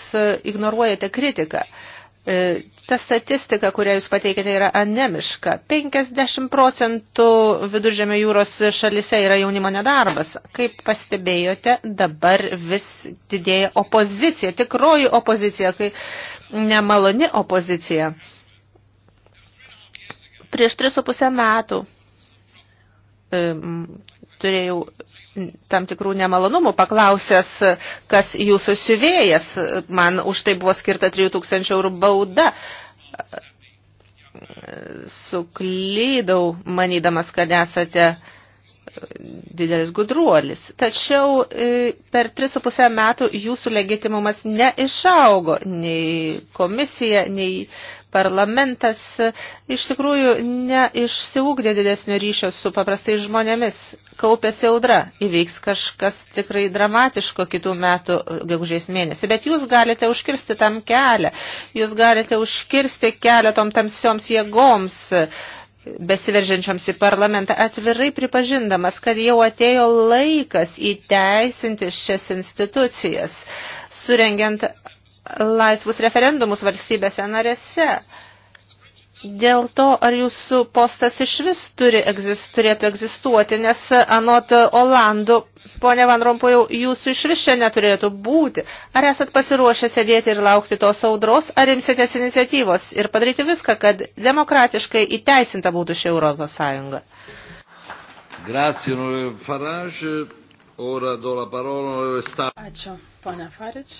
[SPEAKER 2] ignoruojate kritiką. Uh, E, ta statistika, kurią jūs pateikite, yra anemiška. 50 procentų viduržėmio jūros šalise yra jaunimo nedarbas. Kaip pastebėjote, dabar vis didėja opozicija, tikroji opozicija, kai nemaloni opozicija. Prieš 3,5 metų turėjau tam tikrų nemalonumų paklausęs, kas jūsų siuvėjas. Man už tai buvo skirta 3000 eurų bauda. Suklydau, manydamas, kad esate didelis gudruolis. Tačiau e, per 3,5 metų jūsų legitimumas neišaugo nei komisija, nei parlamentas e, iš tikrųjų neišsiugdė didesnio ryšio su paprastai žmonėmis. Kaupėsi audra, įvyks kažkas tikrai dramatiško kitų metų gegužės mėnesį, bet jūs galite užkirsti tam kelią, jūs galite užkirsti kelią tom tamsioms jėgoms, besiveržiančioms į parlamentą, atvirai pripažindamas, kad jau atėjo laikas įteisinti šias institucijas, surengiant laisvus referendumus valstybėse narėse. Dėl to, ar jūsų postas iš vis turi egzist, turėtų egzistuoti, nes anot Olandų, ponė Van Rompojau, jūsų iš vis čia neturėtų būti. Ar esat pasiruošę sėdėti ir laukti tos audros, ar imsitės iniciatyvos ir padaryti viską, kad demokratiškai įteisinta būtų ši Europos Sąjunga?
[SPEAKER 1] Grazie, Farage. Ora do la parola,
[SPEAKER 4] Ačiū, ponė Farič.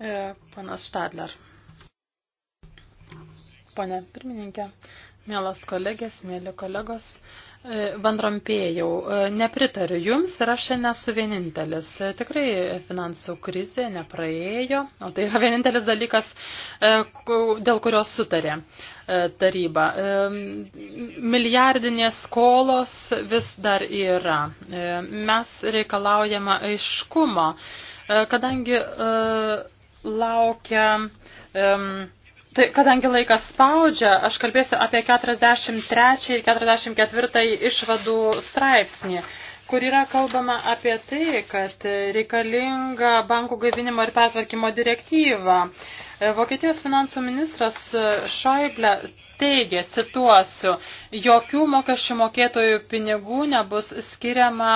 [SPEAKER 4] E, Panas Štadler. Pane pirmininkė, mielas kolegės, mėly kolegos, e, Vandrompėjau, e, nepritariu Jums ir aš nesu vienintelis. Tikrai finansų krizė nepraėjo, o tai yra vienintelis dalykas, dėl kurios sutarė taryba. Milijardinės skolos vis dar yra. Mes reikalaujame aiškumo, kadangi laukia. Um, Tai kadangi laikas spaudžia, aš kalbėsiu apie 43 ir 44 išvadų straipsnį, kur yra kalbama apie tai, kad reikalinga bankų gaivinimo ir pertvarkymo direktyva. E, Vokietijos finansų ministras Šoible e, teigia, cituosiu, jokių mokesčių mokėtojų pinigų nebus skiriama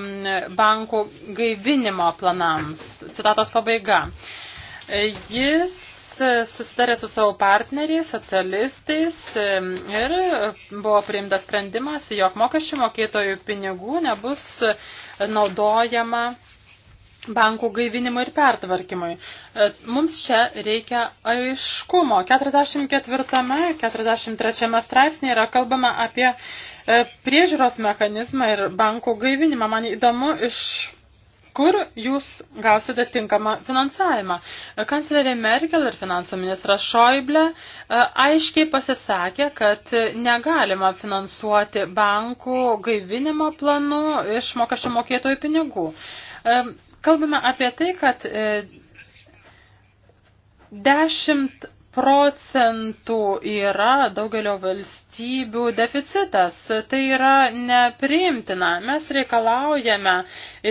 [SPEAKER 4] um, bankų gaivinimo planams. Citatos pabaiga. Uh, Jis e, susitarė su savo partneriais, socialistais e, ir e, buvo priimtas sprendimas, jog mokesčių mokėtojų pinigų nebus naudojama bankų gaivinimui ir pertvarkymui. Mums čia reikia aiškumo. 44-43 straipsnėje yra kalbama apie priežiūros mechanizmą ir bankų gaivinimą. Man įdomu iš kur jūs gausite tinkamą finansavimą. Kanclerė Merkel ir finansų ministras Šoible e, aiškiai pasisakė, kad negalima finansuoti bankų gaivinimo planų iš mokesčių mokėtojų pinigų. E, kalbame apie tai, kad 10 e, procentų yra daugelio valstybių deficitas. Tai yra nepriimtina. Mes reikalaujame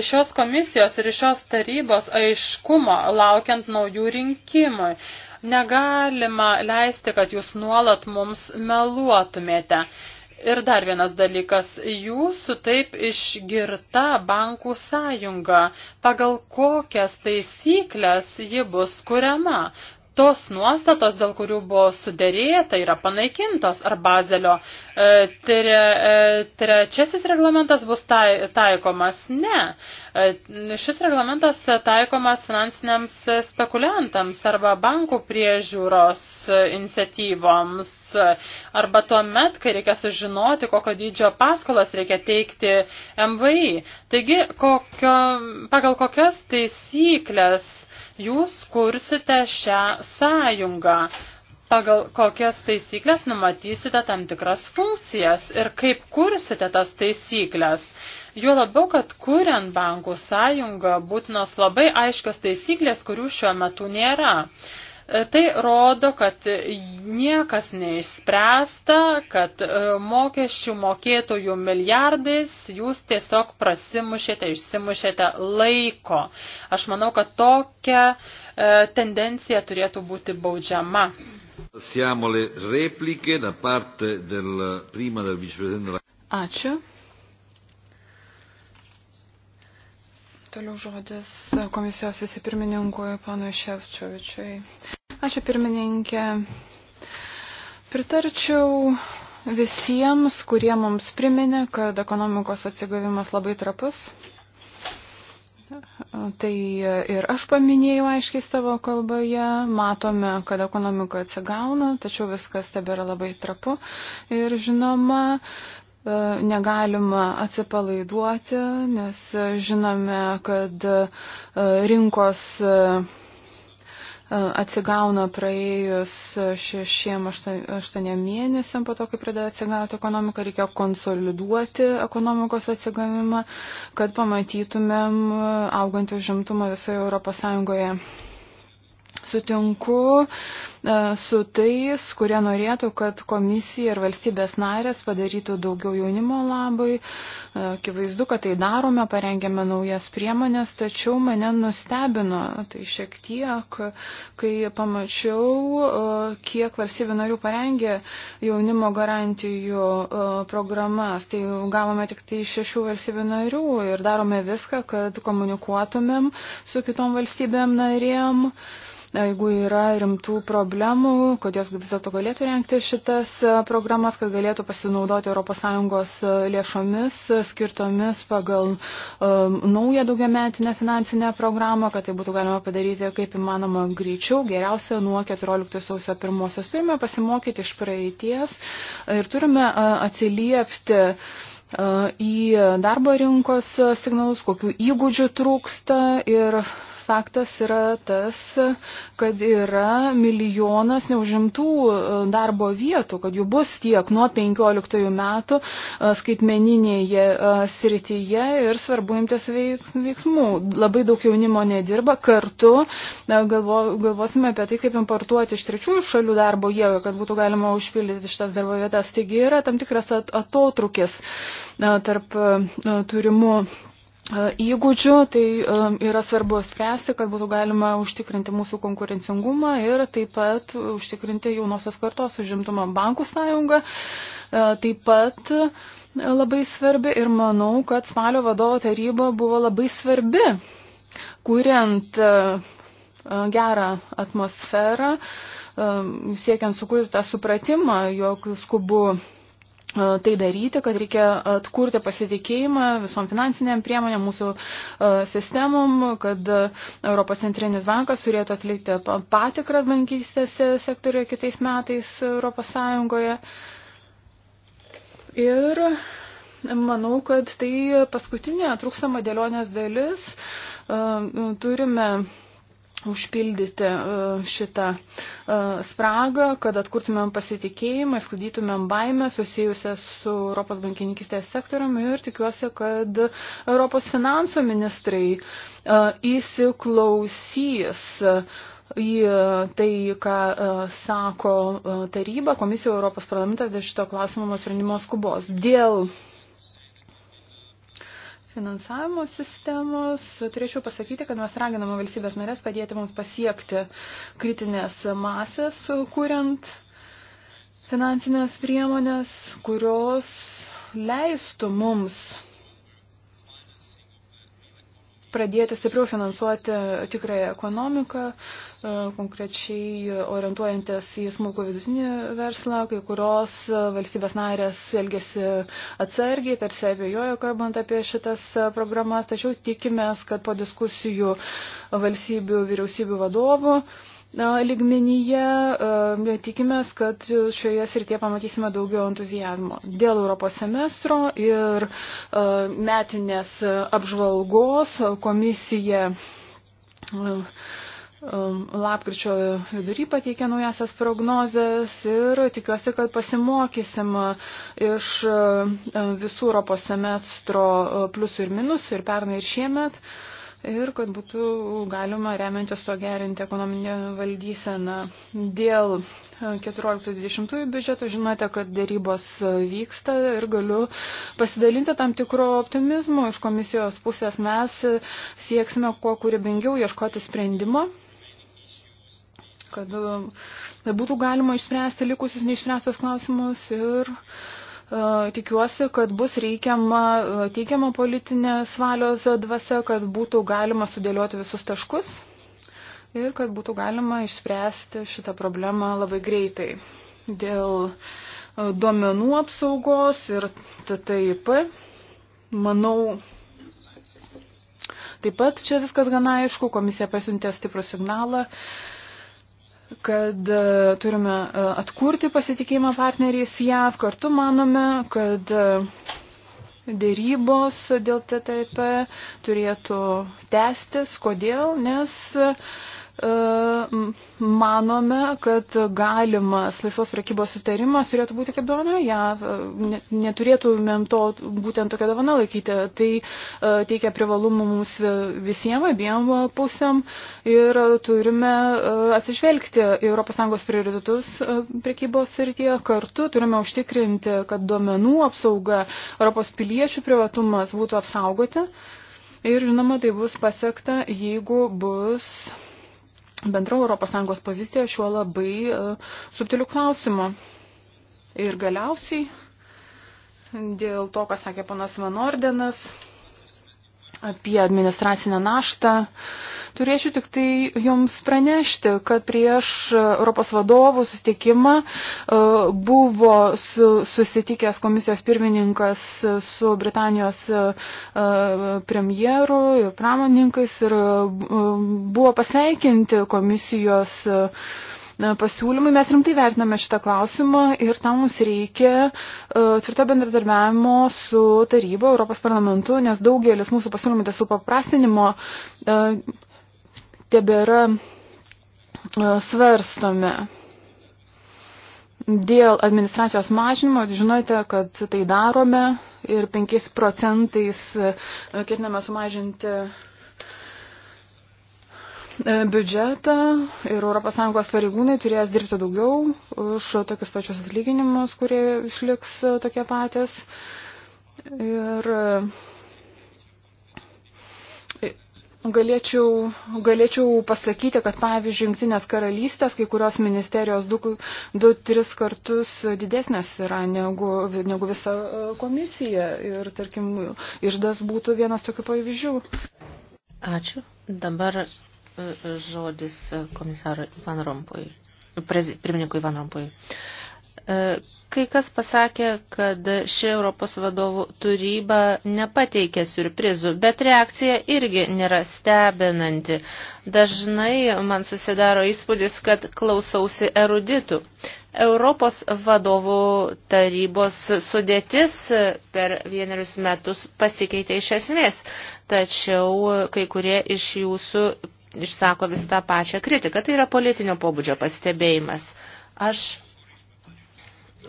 [SPEAKER 4] iš šios komisijos ir iš šios tarybos aiškumo, laukiant naujų rinkimų. Negalima leisti, kad jūs nuolat mums meluotumėte. Ir dar vienas dalykas, jūsų taip išgirta bankų sąjunga, pagal kokias taisyklės ji bus kuriama, tos nuostatos, dėl kurių buvo sudėrėta, yra panaikintos ar bazelio e, tre, e, trečiasis reglamentas bus tai, taikomas. Ne, e, šis reglamentas taikomas finansiniams spekuliantams arba bankų priežiūros iniciatyvoms arba tuo met, kai reikia sužinoti, kokio dydžio paskolas reikia teikti MVI. Taigi, kokio, pagal kokias taisyklės Jūs kursite šią sąjungą pagal kokias taisyklės numatysite tam tikras funkcijas ir kaip kursite tas taisyklės. Juo labiau, kad kuriant bankų sąjungą būtinos labai aiškios taisyklės, kurių šiuo metu nėra. Tai rodo, kad niekas neišspręsta, kad e, mokesčių mokėtojų milijardais jūs tiesiog prasimušėte, išsimušėte laiko. Aš manau, kad tokia e, tendencija turėtų būti baudžiama.
[SPEAKER 1] Siamo le repliche da parte del prima del viceprezidente.
[SPEAKER 4] Ačiū.
[SPEAKER 3] Toliau žodis komisijos visipirmininkui panui Ševčiovičiui. Ačiū pirmininkė. Pritarčiau visiems, kurie mums priminė, kad ekonomikos atsigavimas labai trapus. Tai ir aš paminėjau aiškiai savo kalboje, matome, kad ekonomika atsigauna, tačiau viskas tebėra labai trapu. Ir žinoma, negalima atsipalaiduoti, nes žinome, kad rinkos atsigauna praėjus šešiem aštuoniem mėnesiam, po to, kai pradeda atsigauti ekonomika, reikia konsoliduoti ekonomikos atsigavimą, kad pamatytumėm augantį užimtumą visoje Europos Sąjungoje sutinku e, su tais, kurie norėtų, kad komisija ir valstybės narės padarytų daugiau jaunimo labai. E, akivaizdu, kad tai darome, parengėme naujas priemonės, tačiau mane nustebino tai šiek tiek, kai pamačiau, e, kiek valstybių narių parengė jaunimo garantijų programas. Tai gavome tik tai šešių valstybių narių ir darome viską, kad komunikuotumėm su kitom valstybėm narėm. Uh, jeigu yra rimtų problemų, kad jos vis dėlto galėtų renkti šitas e, programas, kad galėtų pasinaudoti ES e, lėšomis e, skirtomis pagal um, naują daugiametinę finansinę programą, kad tai būtų galima padaryti kaip įmanoma greičiau, geriausia nuo 14 sausio 1. Turime pasimokyti iš praeities ir turime atsiliepti į darbo rinkos signalus, kokių įgūdžių trūksta ir faktas yra tas, kad yra milijonas neužimtų e, darbo vietų, kad jų bus tiek nuo 15 metų e, skaitmeninėje e, srityje ir svarbu imtis veiksmų. Labai daug jaunimo nedirba, kartu galvo, galvosime apie tai, kaip importuoti iš trečiųjų šalių darbo jėgą, kad būtų galima užpildyti šitas darbo vietas. Taigi yra tam tikras atotrukis tarp turimų E, įgūdžių, tai e, yra svarbu spręsti, kad būtų galima užtikrinti mūsų konkurencingumą ir taip pat užtikrinti jaunosios kartos užimtumą bankų sąjungą. E, taip pat labai svarbi ir manau, kad spalio vadovo taryba buvo labai svarbi, kuriant gerą atmosferą, siekiant sukurti tą supratimą, jog skubu E, tai daryti, kad reikia atkurti pasitikėjimą visom finansiniam priemonėm, mūsų e, sistemom, kad Europos centrinis bankas turėtų atlikti patikras bankystės sektoriuje kitais metais Europos Sąjungoje. Ir manau, kad tai paskutinė trūksama dėlionės dalis. E, turime užpildyti uh, šitą uh, spragą, kad atkurtumėm pasitikėjimą, sklaidytumėm baimę susijusią su Europos bankininkistės sektoriumi ir tikiuosi, kad Europos finansų ministrai uh, įsiklausys į tai, ką sako taryba, komisija Europos parlamentas dėl šito klausimo nuo sprendimo skubos. Dėl finansavimo sistemos, turėčiau pasakyti, kad mes raginame valstybės narės padėti mums pasiekti kritinės masės, kuriant finansinės priemonės, kurios leistų mums pradėti stipriau finansuoti tikrąją ekonomiką, e, konkrečiai orientuojantis į smulkų vidutinį verslą, kai kurios valstybės narės elgesi atsargiai, tarsi abejojo, kalbant apie šitas programas, tačiau tikimės, kad po diskusijų valstybių vyriausybių vadovų ligmenyje. E, tikimės, kad šioje srityje pamatysime daugiau entuzijazmo. Dėl Europos semestro ir e, metinės apžvalgos komisija e, lapkričio vidury pateikė naujasias prognozes ir tikiuosi, kad pasimokysim iš visų Europos semestro pliusų ir minusų ir pernai ir šiemet. Uh, ir kad būtų galima remiantis to gerinti ekonominę valdyseną. Dėl 14-20 biudžeto žinote, kad dėrybos vyksta ir galiu pasidalinti tam tikro optimizmo iš komisijos pusės. Mes sieksime kuo kūrybingiau ieškoti sprendimo kad būtų galima išspręsti likusius neišspręstas klausimus ir uh, E, tikiuosi, kad bus reikiama, e, teikiama politinės valios dvasia, kad būtų galima sudėlioti visus taškus ir kad būtų galima išspręsti šitą problemą labai greitai. Dėl e, duomenų apsaugos ir TTIP, manau, taip pat čia viskas gana aišku, komisija pasiuntė stiprų signalą. Uh, kad e, turime e, atkurti pasitikėjimą partneriais JAV. Kartu manome, kad e, dėrybos dėl TTIP turėtų tęstis. Kodėl? Nes uh, E, manome, kad galimas laisvos prekybos sutarimas turėtų būti kaip dovana, ja, e, neturėtumėm to būtent tokią dovaną laikyti. Tai e, teikia privalumų mums visiems, abiem pusėm ir turime atsižvelgti į ES prioritetus prekybos srityje. Kartu turime užtikrinti, kad duomenų apsauga, Europos piliečių privatumas būtų apsaugoti. Ir žinoma, tai bus pasiekta, jeigu bus bendra ES pozicija šiuo labai e, subtiliu klausimu. Ir galiausiai dėl to, ką sakė panas Van Ordenas, apie administracinę naštą. Turėčiau tik tai jums pranešti, kad prieš Europos vadovų susitikimą e, buvo susitikęs komisijos pirmininkas su Britanijos e, premjeru ir pramoninkais ir e, buvo pasveikinti komisijos E, pasiūlymai. Mes rimtai vertiname šitą klausimą ir tam mums reikia e, tvirto bendradarbiavimo su taryba, Europos parlamentu, nes daugelis mūsų pasiūlymų dėl supaprastinimo e, tebėra svarstomi. Dėl administracijos mažinimo, žinote, kad tai darome ir 5 procentais ketiname sumažinti E, biudžetą ir ES pareigūnai turės dirbti daugiau už tokius pačius atlyginimus, kurie išliks e, tokie patys. Ir e, Galėčiau, galėčiau pasakyti, kad pavyzdžiui, Junktinės karalystės kai kurios ministerijos 2-3 kartus didesnės yra negu, negu visa komisija. Ir, tarkim,
[SPEAKER 2] išdas būtų vienas tokių pavyzdžių. Ačiū. Dabar žodis komisarui Van Rompui, pirmininkui Van Rompui. E, kai kas pasakė, kad ši Europos vadovų taryba nepateikė surprizų, bet reakcija irgi nėra stebinanti. Dažnai man susidaro įspūdis, kad klausausi eruditų. Europos vadovų tarybos sudėtis per vienerius metus pasikeitė iš esmės, tačiau kai kurie iš jūsų išsako vis tą pačią kritiką. Tai yra politinio pobūdžio pastebėjimas. Aš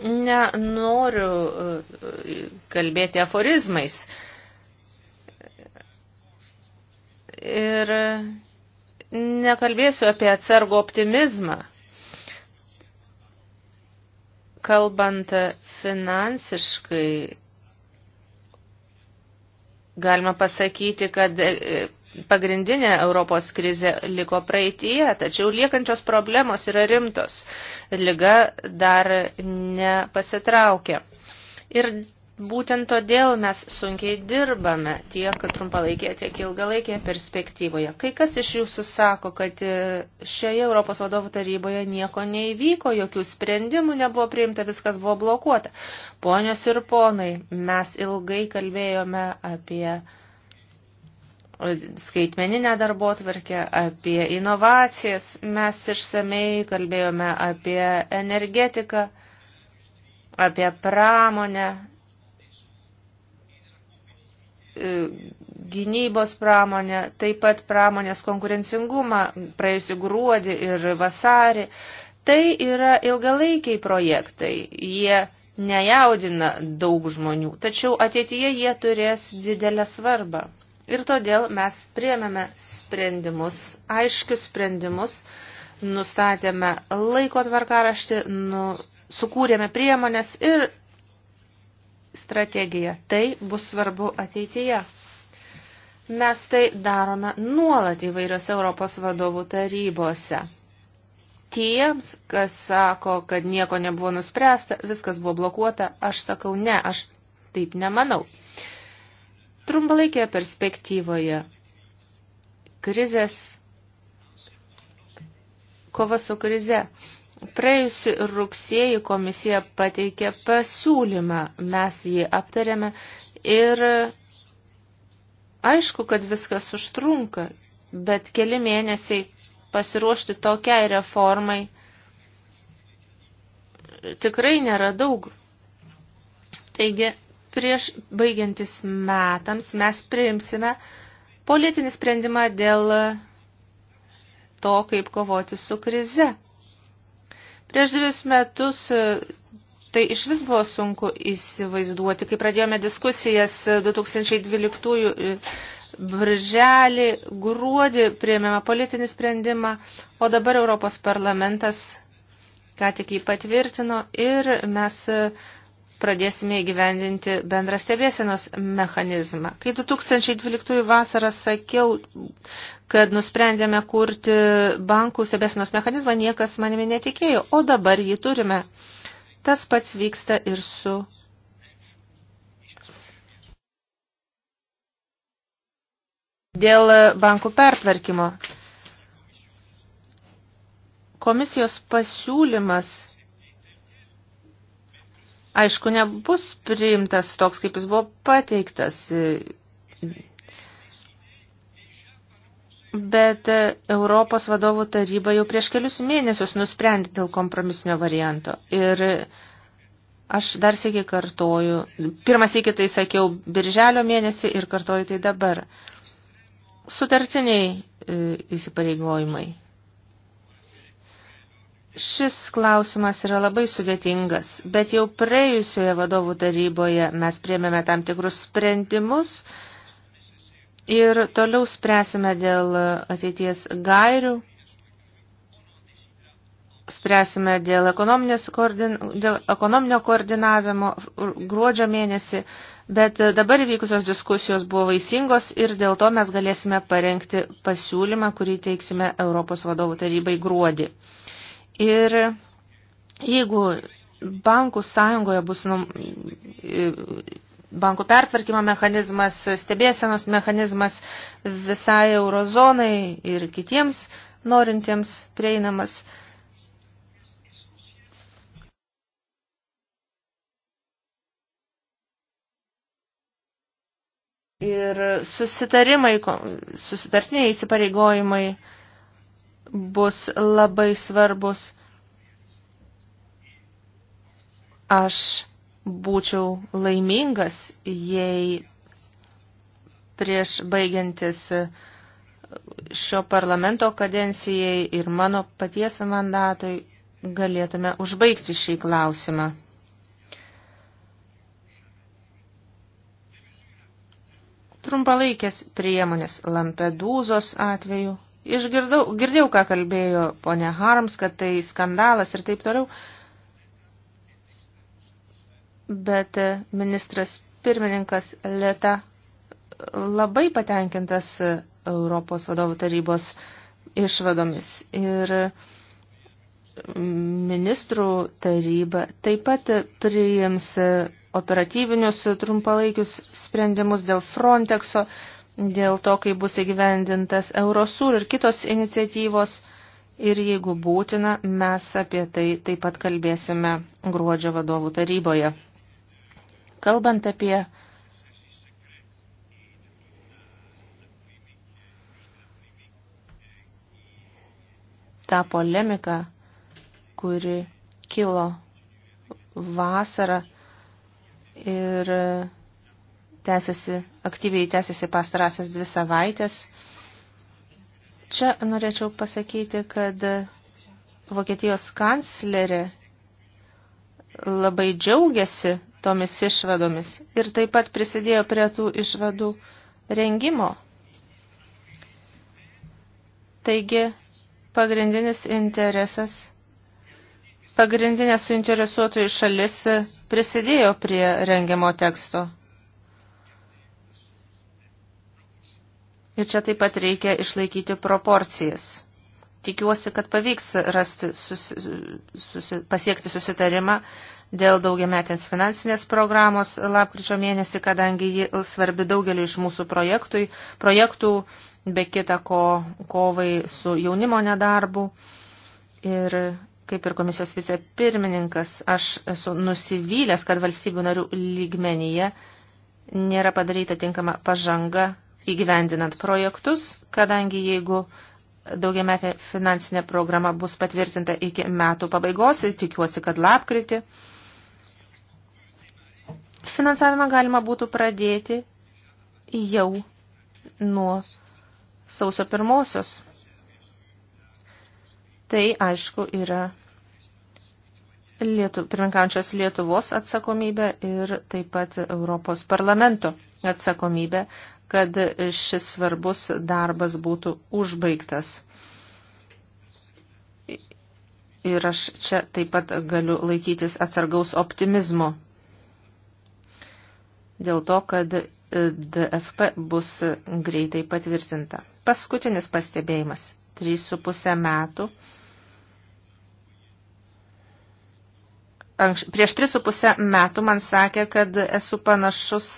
[SPEAKER 2] nenoriu e, kalbėti aforizmais. Ir nekalbėsiu apie atsargo optimizmą. Kalbant finansiškai, galima pasakyti, kad e, pagrindinė Europos krizė liko praeityje, tačiau liekančios problemos yra rimtos. Liga dar nepasitraukė. Ir būtent todėl mes sunkiai dirbame tiek trumpalaikėje, tiek ilgalaikėje perspektyvoje. Kai kas iš jūsų sako, kad šioje Europos vadovų taryboje nieko neįvyko, jokių sprendimų nebuvo priimta, viskas buvo blokuota. Ponios ir ponai, mes ilgai kalbėjome apie skaitmeninę darbo tvarkę, apie inovacijas. Mes išsamei kalbėjome apie energetiką, apie pramonę, e, gynybos pramonę, taip pat pramonės konkurencingumą praėjusiu gruodį ir vasarį. Tai yra ilgalaikiai projektai. Jie nejaudina daug žmonių, tačiau ateityje jie turės didelę svarbą. Ir todėl mes priemėme sprendimus, aiškius sprendimus, nustatėme laiko tvarkaraštį, nu, sukūrėme priemonės ir strategiją. Tai bus svarbu ateityje. Mes tai darome nuolat įvairiose Europos vadovų tarybose. Tiems, kas sako, kad nieko nebuvo nuspręsta, viskas buvo blokuota, aš sakau ne, aš taip nemanau. Trumpalaikėje perspektyvoje krizės, kova su krize. Praėjusi rugsėjį komisija pateikė pasiūlymą, mes jį aptarėme ir aišku, kad viskas užtrunka, bet keli mėnesiai pasiruošti tokiai reformai tikrai nėra daug. Taigi prieš baigiantis metams mes priimsime politinį sprendimą dėl to, kaip kovoti su krize. Prieš dvius metus e, tai iš vis buvo sunku įsivaizduoti, kai pradėjome diskusijas 2012 e, e, birželį, gruodį priėmėme politinį sprendimą, o dabar Europos parlamentas ką tik jį patvirtino ir mes pradėsime įgyvendinti bendrą stebėsenos mechanizmą. Kai 2012 vasarą sakiau, kad nusprendėme kurti bankų stebėsenos mechanizmą, niekas manimi netikėjo, o dabar jį turime. Tas pats vyksta ir su dėl bankų pertvarkymo. Komisijos pasiūlymas aišku, nebus priimtas toks, kaip jis buvo pateiktas. Bet Europos vadovų taryba jau prieš kelius mėnesius nusprendė dėl kompromisinio varianto. Ir aš dar sėkiai kartoju, pirmą sėkiai tai sakiau birželio mėnesį ir kartoju tai dabar. Sutartiniai e, įsipareigojimai. Šis klausimas yra labai sudėtingas, bet jau praėjusioje vadovų taryboje mes priemėme tam tikrus sprendimus ir toliau spręsime dėl ateities gairių, spręsime dėl, koordin, dėl ekonominio koordinavimo gruodžio mėnesį, bet dabar vykusios diskusijos buvo vaisingos ir dėl to mes galėsime parengti pasiūlymą, kurį teiksime Europos vadovų tarybai gruodį. Ir jeigu bankų sąjungoje bus nu, bankų pertvarkymo mechanizmas, stebėsenos mechanizmas visai eurozonai ir kitiems norintiems prieinamas. Ir susitarimai, susitartiniai įsipareigojimai bus labai svarbus. Aš būčiau laimingas, jei prieš baigiantis šio parlamento kadencijai ir mano paties mandatui galėtume užbaigti šį klausimą. Trumpalaikės priemonės Lampedūzos atveju Išgirdau, girdėjau, ką kalbėjo ponė Harms, kad tai skandalas ir taip toliau. Bet e, ministras pirmininkas Leta labai patenkintas e, Europos vadovų tarybos išvadomis. Ir ministrų taryba taip pat priims e, operatyvinius trumpalaikius sprendimus dėl Frontexo dėl to, kai bus įgyvendintas Eurosur ir kitos iniciatyvos. Ir jeigu būtina, mes apie tai taip pat kalbėsime gruodžio vadovų taryboje. Kalbant apie tą polemiką, kuri kilo vasarą ir tęsiasi, aktyviai tęsiasi pastarąsias dvi savaitės. Čia norėčiau pasakyti, kad Vokietijos kanclerė labai džiaugiasi tomis išvadomis ir taip pat prisidėjo prie tų išvadų rengimo. Taigi, pagrindinis interesas, pagrindinė suinteresuotojų šalis prisidėjo prie rengiamo teksto. Ir čia taip pat reikia išlaikyti proporcijas. Tikiuosi, kad pavyks rasti, susi, susi, pasiekti susitarimą dėl daugiametės finansinės programos lapkričio mėnesį, kadangi ji svarbi daugeliu iš mūsų projektui, projektų, be kita ko kovai su jaunimo nedarbu. Ir kaip ir komisijos vicepirmininkas, aš esu nusivylęs, kad valstybių narių lygmenyje nėra padaryta tinkama pažanga įgyvendinant projektus, kadangi jeigu daugiametė finansinė programa bus patvirtinta iki metų pabaigos ir tikiuosi, kad lapkritį. Finansavimą galima būtų pradėti jau nuo sausio pirmosios. Tai, aišku, yra Lietu, pirminkaujančios Lietuvos atsakomybė ir taip pat Europos parlamento atsakomybė kad šis svarbus darbas būtų užbaigtas. Ir aš čia taip pat galiu laikytis atsargaus optimizmo. Dėl to, kad DFP bus greitai patvirtinta. Paskutinis pastebėjimas. 3,5 metų. Anks, prieš 3,5 metų man sakė, kad esu panašus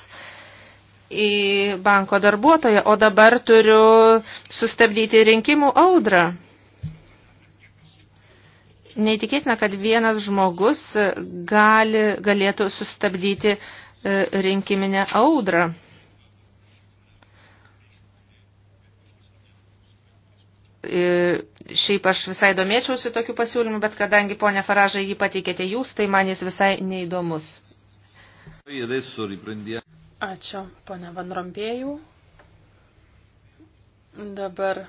[SPEAKER 2] į banko darbuotoją, o dabar turiu sustabdyti rinkimų audrą. Neįtikėtina, kad vienas žmogus gali, galėtų sustabdyti e, rinkiminę audrą. E, šiaip aš visai domėčiausi tokiu pasiūlymu, bet kadangi ponia Faražai jį pateikėte jūs, tai man jis visai neįdomus.
[SPEAKER 4] Ačiū, pane Van Rompėjų. Dabar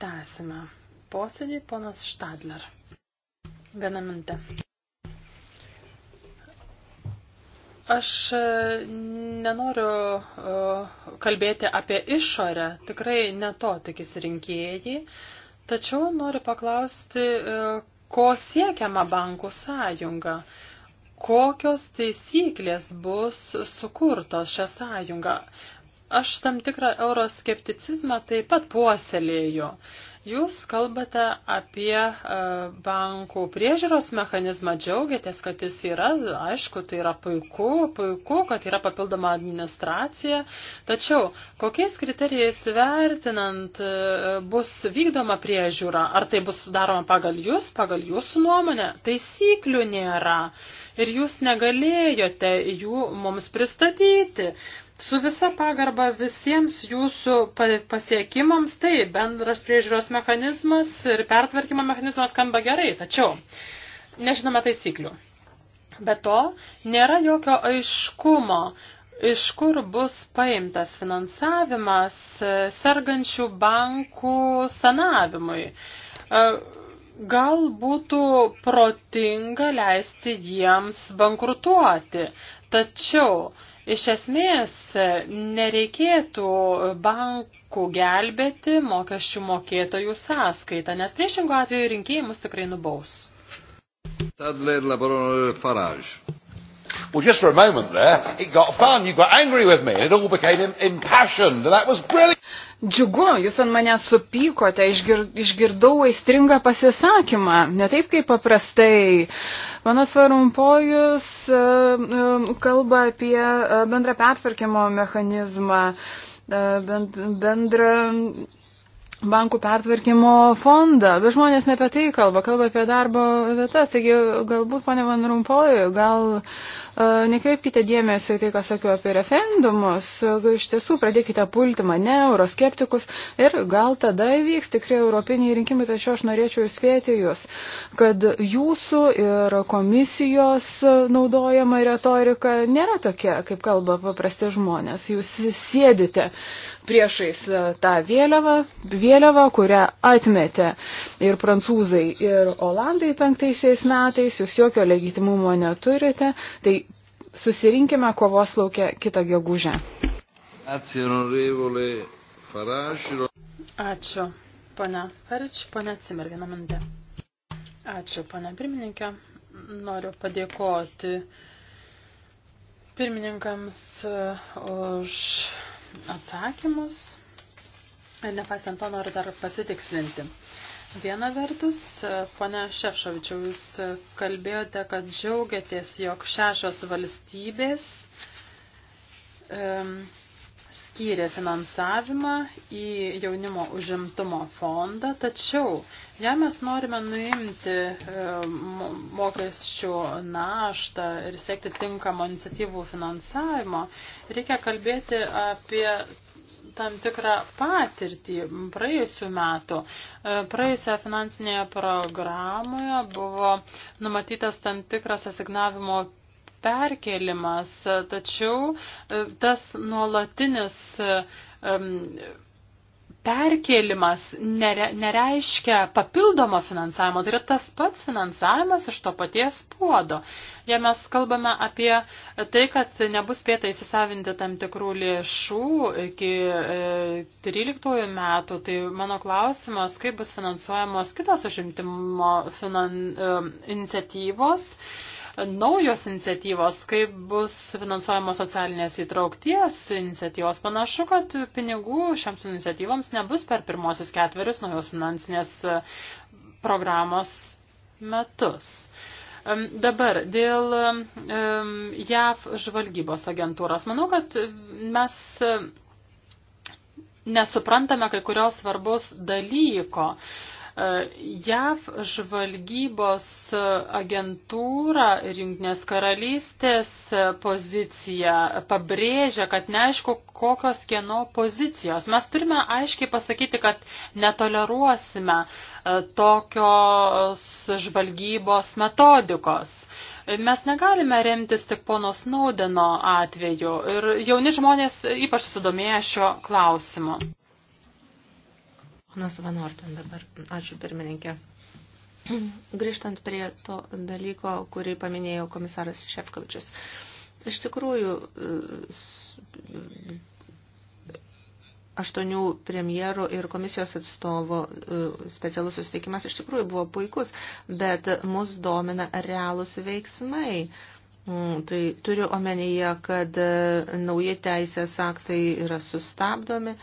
[SPEAKER 4] tęsime posėdį, ponas Štadler. Viena minutė. Aš e, nenoriu e, kalbėti apie išorę, tikrai ne to tikisi rinkėjai, tačiau noriu paklausti, e, ko siekiama bankų sąjunga kokios taisyklės bus sukurtos šią sąjungą. Aš tam tikrą euroskepticizmą taip pat puoselėju. Jūs kalbate apie e, bankų priežiūros mechanizmą, džiaugiatės, kad jis yra, aišku, tai yra puiku, puiku, kad yra papildoma administracija, tačiau kokiais kriterijais vertinant e, bus vykdoma priežiūra, ar tai bus daroma pagal jūs, pagal jūsų nuomonę, taisyklių nėra. Uh, ir jūs negalėjote jų mums pristatyti. Su visa pagarba visiems jūsų pasiekimams, tai bendras priežiūros mechanizmas ir pertvarkymo mechanizmas skamba gerai, tačiau nežinome taisyklių. Be to, nėra jokio aiškumo, iš kur bus paimtas finansavimas e, sergančių bankų sanavimui. E, gal būtų protinga leisti jiems bankrutuoti. Tačiau iš esmės nereikėtų bankų gelbėti mokesčių mokėtojų sąskaitą, nes priešingų atveju rinkėjimus tikrai nubaus.
[SPEAKER 1] Tadler, la parola Farage. Well, just for a moment there, it got fun. You got angry with me, and it all became impassioned.
[SPEAKER 3] That was brilliant. Džiugu, jūs ant mane supykote, išgir, išgirdau aistringą pasisakymą, ne taip kaip paprastai. Mano svarumpojus e, e, kalba apie e, bendrą pertvarkymo mechanizmą, bendrą bankų pertvarkymo fondą, bet žmonės ne apie tai kalba, kalba apie darbo vietas. Taigi, galbūt, ponė Van Rumpoju, gal uh, nekreipkite dėmesio į tai, ką sakiau apie referendumus, iš tiesų pradėkite pulti mane, euroskeptikus ir gal tada įvyks tikrai europiniai rinkimai, tačiau aš norėčiau įspėti jūs, kad jūsų ir komisijos naudojama retorika nėra tokia, kaip kalba paprasti žmonės. Jūs sėdite. Uh, priešais e, tą vėliavą, vėliavą, kurią atmetė ir prancūzai, ir olandai penktaisiais metais, jūs jokio legitimumo neturite, tai susirinkime kovos laukia kitą gegužę.
[SPEAKER 4] Ačiū, pana Farič, pana Cimer, vieną minutę. Ačiū, pana pirmininkė. Noriu padėkoti pirmininkams e, už atsakymus. Ir nepaisant to noriu dar pasitikslinti. Viena vertus, ponia Šefšovičiau, jūs kalbėjote, kad džiaugiatės, jog šešios valstybės um, skyrė finansavimą į jaunimo užimtumo fondą, tačiau Jei mes norime nuimti e, mokesčių naštą ir siekti tinkamo iniciatyvų finansavimo, reikia kalbėti apie tam tikrą patirtį praėjusių metų. E, praėjusioje finansinėje programoje buvo numatytas tam tikras asignavimo perkelimas, tačiau e, tas nuolatinis perkėlimas nere, nereiškia papildomo finansavimo, tai yra tas pats finansavimas iš to paties puodo. Jei mes kalbame apie tai, kad nebus spėta įsisavinti tam tikrų lėšų iki e, 13 metų, tai mano klausimas, kaip bus finansuojamos kitos užimtimo finan, e, iniciatyvos. E, naujos iniciatyvos, kaip bus finansuojamos socialinės įtraukties iniciatyvos. Panašu, kad pinigų šiams iniciatyvams nebus per pirmosius ketverius naujos finansinės e, programos metus. Dabar dėl JAV žvalgybos agentūros. Manau, kad mes nesuprantame kai kurios svarbus dalyko. JAV žvalgybos agentūra ir Junktinės karalystės pozicija pabrėžia, kad neaišku, kokios kieno pozicijos. Mes turime aiškiai pasakyti, kad netoleruosime e, tokios žvalgybos metodikos. Mes negalime remtis tik pono Snaudeno atveju ir jauni žmonės ypač susidomėję šio
[SPEAKER 2] klausimu. Ponas Van Orten dabar. Ačiū pirmininkė. Grįžtant prie to dalyko, kurį paminėjo komisaras Šefkovičius. Iš tikrųjų, aštuonių premjerų ir komisijos atstovo e, specialus susitikimas iš tikrųjų buvo puikus, bet mus domina realūs veiksmai. Mm, tai turiu omenyje, kad e, nauji teisės aktai yra sustabdomi,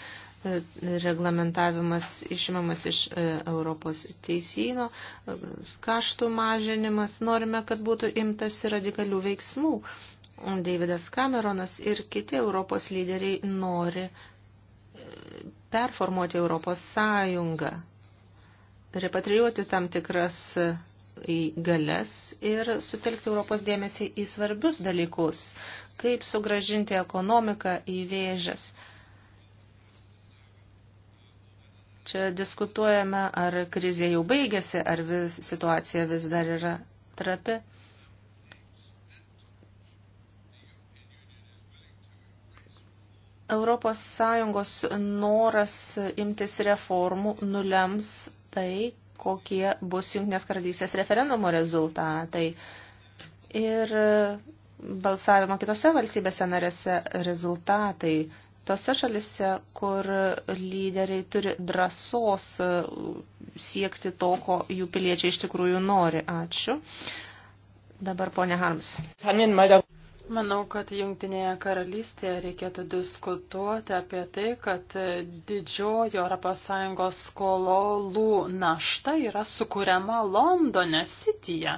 [SPEAKER 2] reglamentavimas išimamas iš e, Europos teisyno, e, kaštų mažinimas, norime, kad būtų imtasi radikalių veiksmų. Davidas Cameronas ir kiti Europos lyderiai nori e, performuoti Europos sąjungą, repatrijuoti tam tikras galės ir sutelkti Europos dėmesį į svarbius dalykus, kaip sugražinti ekonomiką į vėžes. Čia diskutuojame, ar krizė jau baigėsi, ar vis, situacija vis dar yra trapi. Europos Sąjungos noras imtis reformų nulems tai, kokie bus Junktinės karalystės referendumo rezultatai. Ir balsavimo kitose valstybėse narėse rezultatai tose šalise, kur lyderiai turi drąsos e, siekti to, ko jų piliečiai iš tikrųjų nori. Ačiū. Dabar ponia Harms.
[SPEAKER 4] Manau, kad Jungtinėje karalystėje reikėtų diskutuoti apie tai, kad didžiojo ES skololų našta yra sukūriama Londone, Sityje.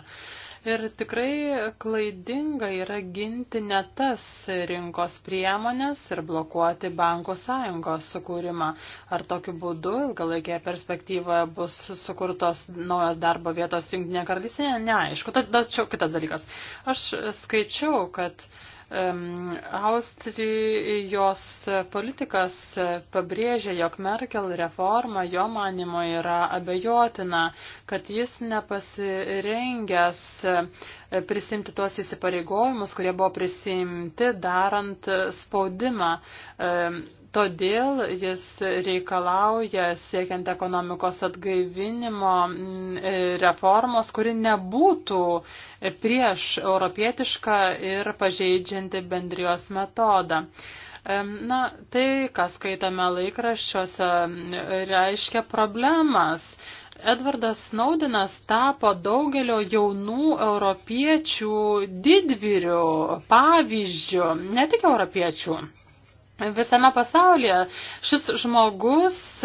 [SPEAKER 4] Ir tikrai klaidinga yra ginti ne tas rinkos priemonės ir blokuoti bankų sąjungos sukūrimą. Ar tokiu būdu ilgalaikėje perspektyvoje bus sukurtos naujos darbo vietos jungtinė karalystė? Neaišku. Tačiau kitas dalykas. Aš skaičiau, kad uh, Austrijos politikas pabrėžė, jog Merkel reforma jo manimo yra abejotina, kad jis nepasirengęs prisimti tuos įsipareigojimus, kurie buvo prisimti darant spaudimą Todėl jis reikalauja, siekiant ekonomikos atgaivinimo e, reformos, kuri nebūtų prieš europietišką ir pažeidžianti bendrijos metodą. Na, tai, ką skaitame laikraščiuose, reiškia problemas. Edvardas Snaudinas tapo daugelio jaunų europiečių didvyrių pavyzdžių, ne tik europiečių visame pasaulyje. Šis žmogus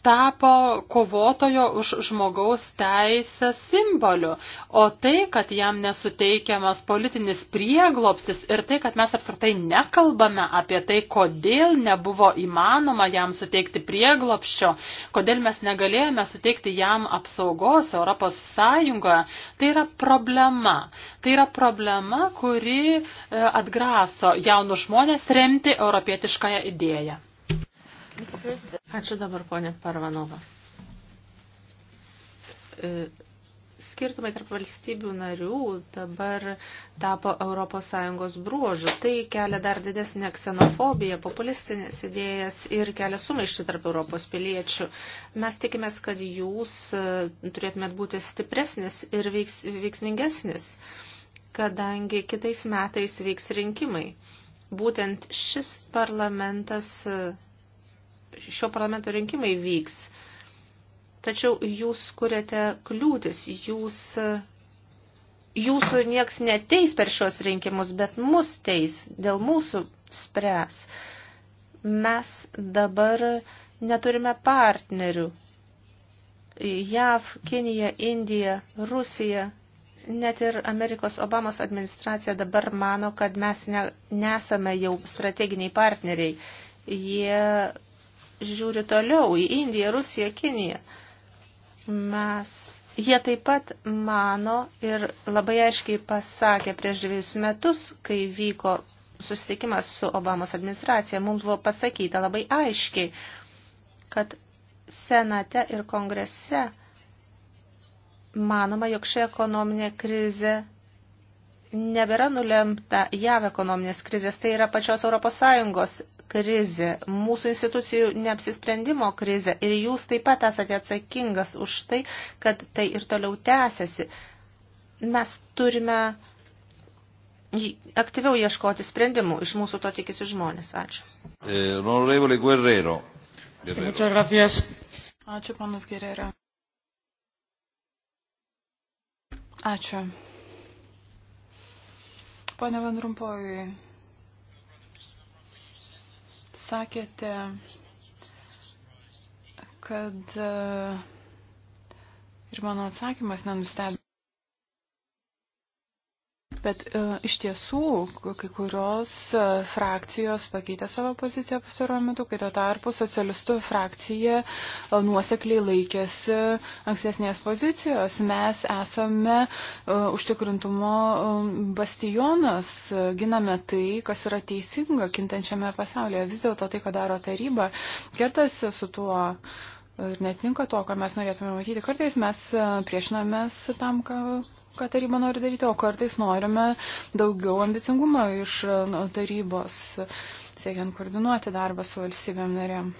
[SPEAKER 4] tapo kovotojo už žmogaus teisę simboliu. O tai, kad jam nesuteikiamas politinis prieglopstis ir tai, kad mes apskritai nekalbame apie tai, kodėl nebuvo įmanoma jam suteikti prieglopščio, kodėl mes negalėjome suteikti jam apsaugos Europos Sąjungoje, tai yra problema. Tai yra problema, kuri e, atgraso jaunus žmonės remti europietiškąją idėją.
[SPEAKER 2] Ačiū dabar, ponė Parvanova. E, skirtumai tarp valstybių narių dabar tapo ES bruožu. Tai kelia dar didesnį ksenofobiją, populistinės idėjas ir kelia sumaištį tarp Europos piliečių. Mes tikimės, kad jūs e, turėtumėt būti stipresnis ir veiks, veiksmingesnis, kadangi kitais metais vyks rinkimai. Būtent šis parlamentas e, šio parlamento rinkimai vyks. Tačiau jūs kuriate kliūtis, jūs, jūsų nieks neteis per šios rinkimus, bet mus teis, dėl mūsų spręs. Mes dabar neturime partnerių. JAV, Kinija, Indija, Rusija, net ir Amerikos Obamos administracija dabar mano, kad mes ne, nesame jau strateginiai partneriai. Jie žiūri toliau į Indiją, Rusiją, Kiniją. Mes, jie taip pat mano ir labai aiškiai pasakė prieš dviejus metus, kai vyko susitikimas su Obamos administracija, mums buvo pasakyta labai aiškiai, kad Senate ir Kongrese manoma, jog ši ekonominė krizė nebėra nulemta JAV ekonominės krizės, tai yra pačios Europos Sąjungos krizė, mūsų institucijų neapsisprendimo krizė ir jūs taip pat esate atsakingas už tai, kad tai ir toliau tęsiasi. Mes turime aktyviau ieškoti sprendimų, iš mūsų to tikisi žmonės. Ačiū.
[SPEAKER 1] Honorevole e, Guerrero. Muchas gracias.
[SPEAKER 3] Ačiū, panas Guerrero. Ačiū. Pane Van Rumpojui, sakėte, kad e, ir mano atsakymas nenustebė. Bet e, iš tiesų, kai kurios e, frakcijos pakeitė savo poziciją pastaruoju metu, kai tuo tarpu socialistų frakcija e, nuosekliai laikėsi ankstesnės pozicijos. Mes esame užtikrintumo bastionas, giname tai, kas yra teisinga kintančiame pasaulyje. Vis dėlto tai, ką daro taryba, kertasi su tuo ir netinka to, ką mes norėtume matyti. Kartais mes e, priešinamės tam, ką, ką taryba nori daryti, o kartais norime daugiau ambicingumo iš e, tarybos, siekiant koordinuoti darbą su valstybėm narėm.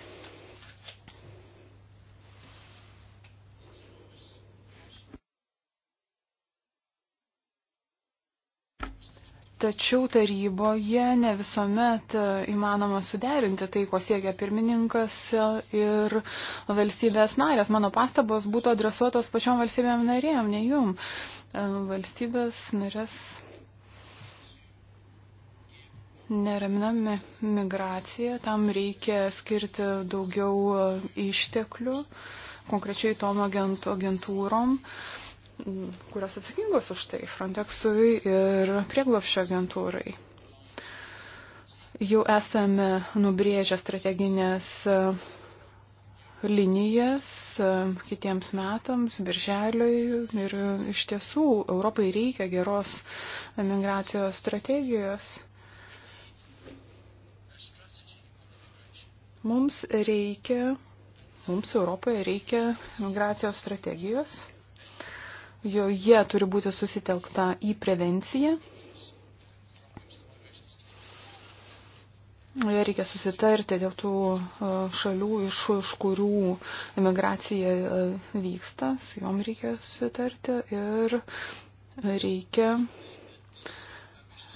[SPEAKER 3] Tačiau taryboje ne visuomet e, įmanoma suderinti tai, ko siekia pirmininkas e, ir valstybės narės. Mano pastabos būtų adresuotos pačiom valstybėm narėm, ne jum. E, valstybės narės neramina migracija, tam reikia skirti daugiau išteklių, konkrečiai tom agentūrom. Agent kurios atsakingos už tai Frontexui ir prieglopščio agentūrai. Jau esame nubrėžę strateginės e, linijas e, kitiems metams, birželiui ir iš tiesų Europai reikia geros migracijos strategijos. Mums reikia, mums Europoje reikia migracijos strategijos joje turi būti susitelkta į prevenciją. Joje reikia susitarti dėl tų e, šalių, iš, iš kurių emigracija e, vyksta, su juom reikia susitarti ir reikia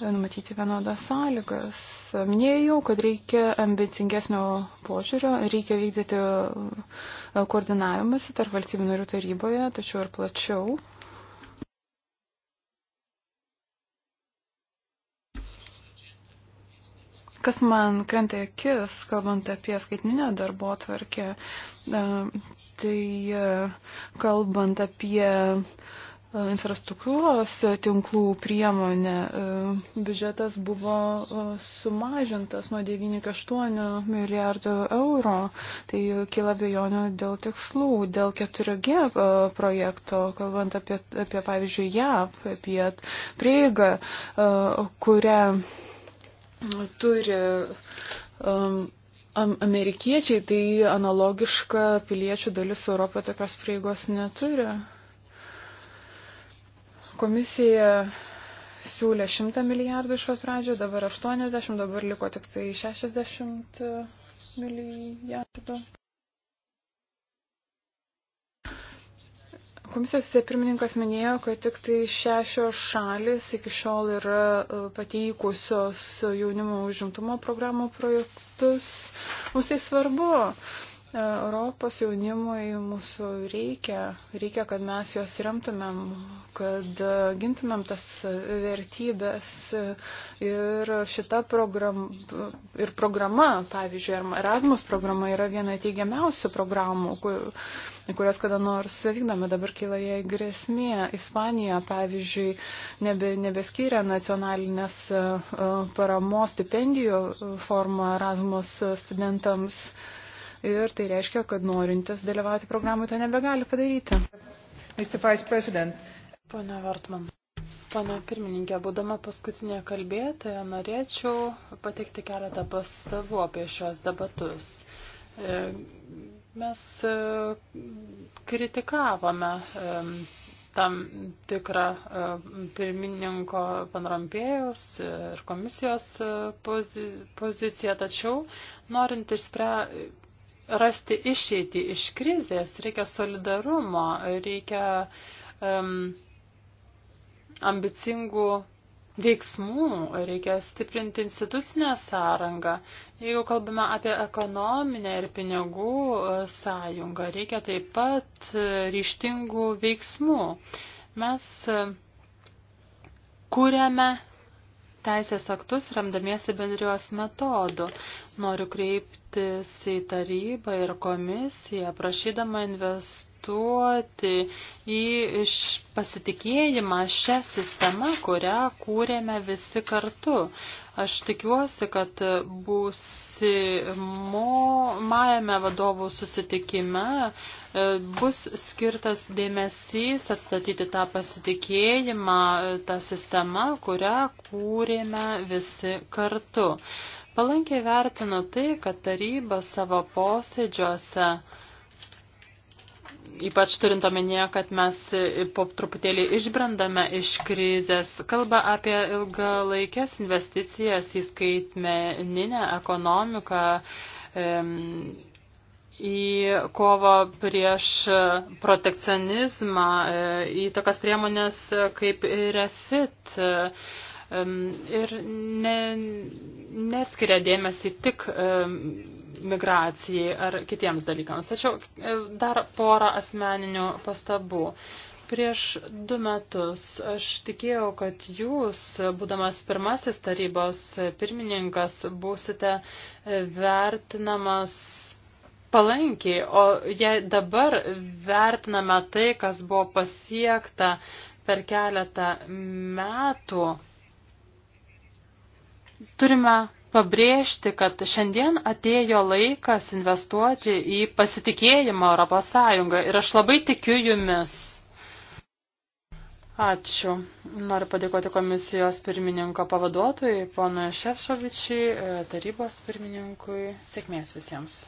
[SPEAKER 3] e, numatyti vienodas sąlygas. Minėjau, kad reikia ambicingesnio požiūrio, reikia vykdyti koordinavimąsi tarp valstybių narių taryboje, tačiau ir plačiau Kas man krenta akis, kalbant apie skaitminę darbo atvarkę, e, tai e, kalbant apie e, infrastruktūros tinklų priemonė, biudžetas buvo sumažintas nuo 9,8 milijardų eurų. Tai kila bejonių dėl tikslų, dėl 4G projekto, kalbant apie, apie pavyzdžiui, JAV, apie prieigą, kurią turi um, amerikiečiai, tai analogiška piliečių dalis Europoje tokios prieigos neturi. Komisija siūlė 100 milijardų iš pat pradžio, dabar 80, dabar liko tik tai 60 milijardų. Komisijos pirmininkas minėjo, kad tik tai šešios šalis iki šiol yra e, pateikusios jaunimo užimtumo programų projektus. Mums tai svarbu. Europos jaunimui mūsų reikia, reikia, kad mes juos remtumėm, kad gintumėm tas vertybės ir šita program, ir programa, pavyzdžiui, Erasmus programa yra viena teigiamiausių programų, kurias kada nors vykdome, dabar kyla jai grėsmė. Ispanija, pavyzdžiui, nebe, nebeskiria nacionalinės e, paramos stipendijų formą Erasmus studentams. Uh, ir tai reiškia, kad norintis dalyvauti programoje to nebegali padaryti. Mr. Vice President. Pane Vartman.
[SPEAKER 4] Pane pirmininkė, būdama paskutinė kalbėtoja, norėčiau pateikti keletą pastabų apie šios debatus. E, mes e, kritikavome e, tam tikrą pirmininko panrampėjos ir komisijos poziciją, tačiau norint išspre, rasti išeitį iš krizės, reikia solidarumo, reikia um, ambicingų veiksmų, reikia stiprinti institucinę sąrangą. Jeigu kalbame apie ekonominę ir pinigų e, sąjungą, reikia taip pat e, ryštingų veiksmų. Mes e, kūrėme teisės aktus remdamiesi bendrijos metodu. Noriu kreiptis į tarybą ir komisiją, prašydama investuoti į pasitikėjimą šią sistemą, kurią kūrėme visi kartu. Aš tikiuosi, kad būsimajame vadovų susitikime e, bus skirtas dėmesys atstatyti tą pasitikėjimą, e, tą sistemą, kurią kūrėme visi kartu. Palankiai vertinu tai, kad taryba savo posėdžiuose ypač turint omenyje, kad mes po truputėlį išbrendame iš krizės, kalba apie ilgalaikės investicijas į skaitmeninę ekonomiką, į kovą prieš protekcionizmą, e, į tokias priemonės kaip refit ir ne, neskiria dėmesį tik migracijai ar kitiems dalykams. Tačiau e, dar porą asmeninių pastabų. Prieš du metus aš tikėjau, kad jūs, būdamas pirmasis tarybos pirmininkas, būsite e, vertinamas palankiai, o jei dabar vertiname tai, kas buvo pasiekta per keletą metų, turime pabrėžti, kad šiandien atėjo laikas investuoti į pasitikėjimą Europos Sąjungą ir aš labai tikiu jumis. Ačiū. Noriu padėkoti komisijos pirmininko pavaduotojai, ponui Šefšovičiai, tarybos pirmininkui. Sėkmės visiems.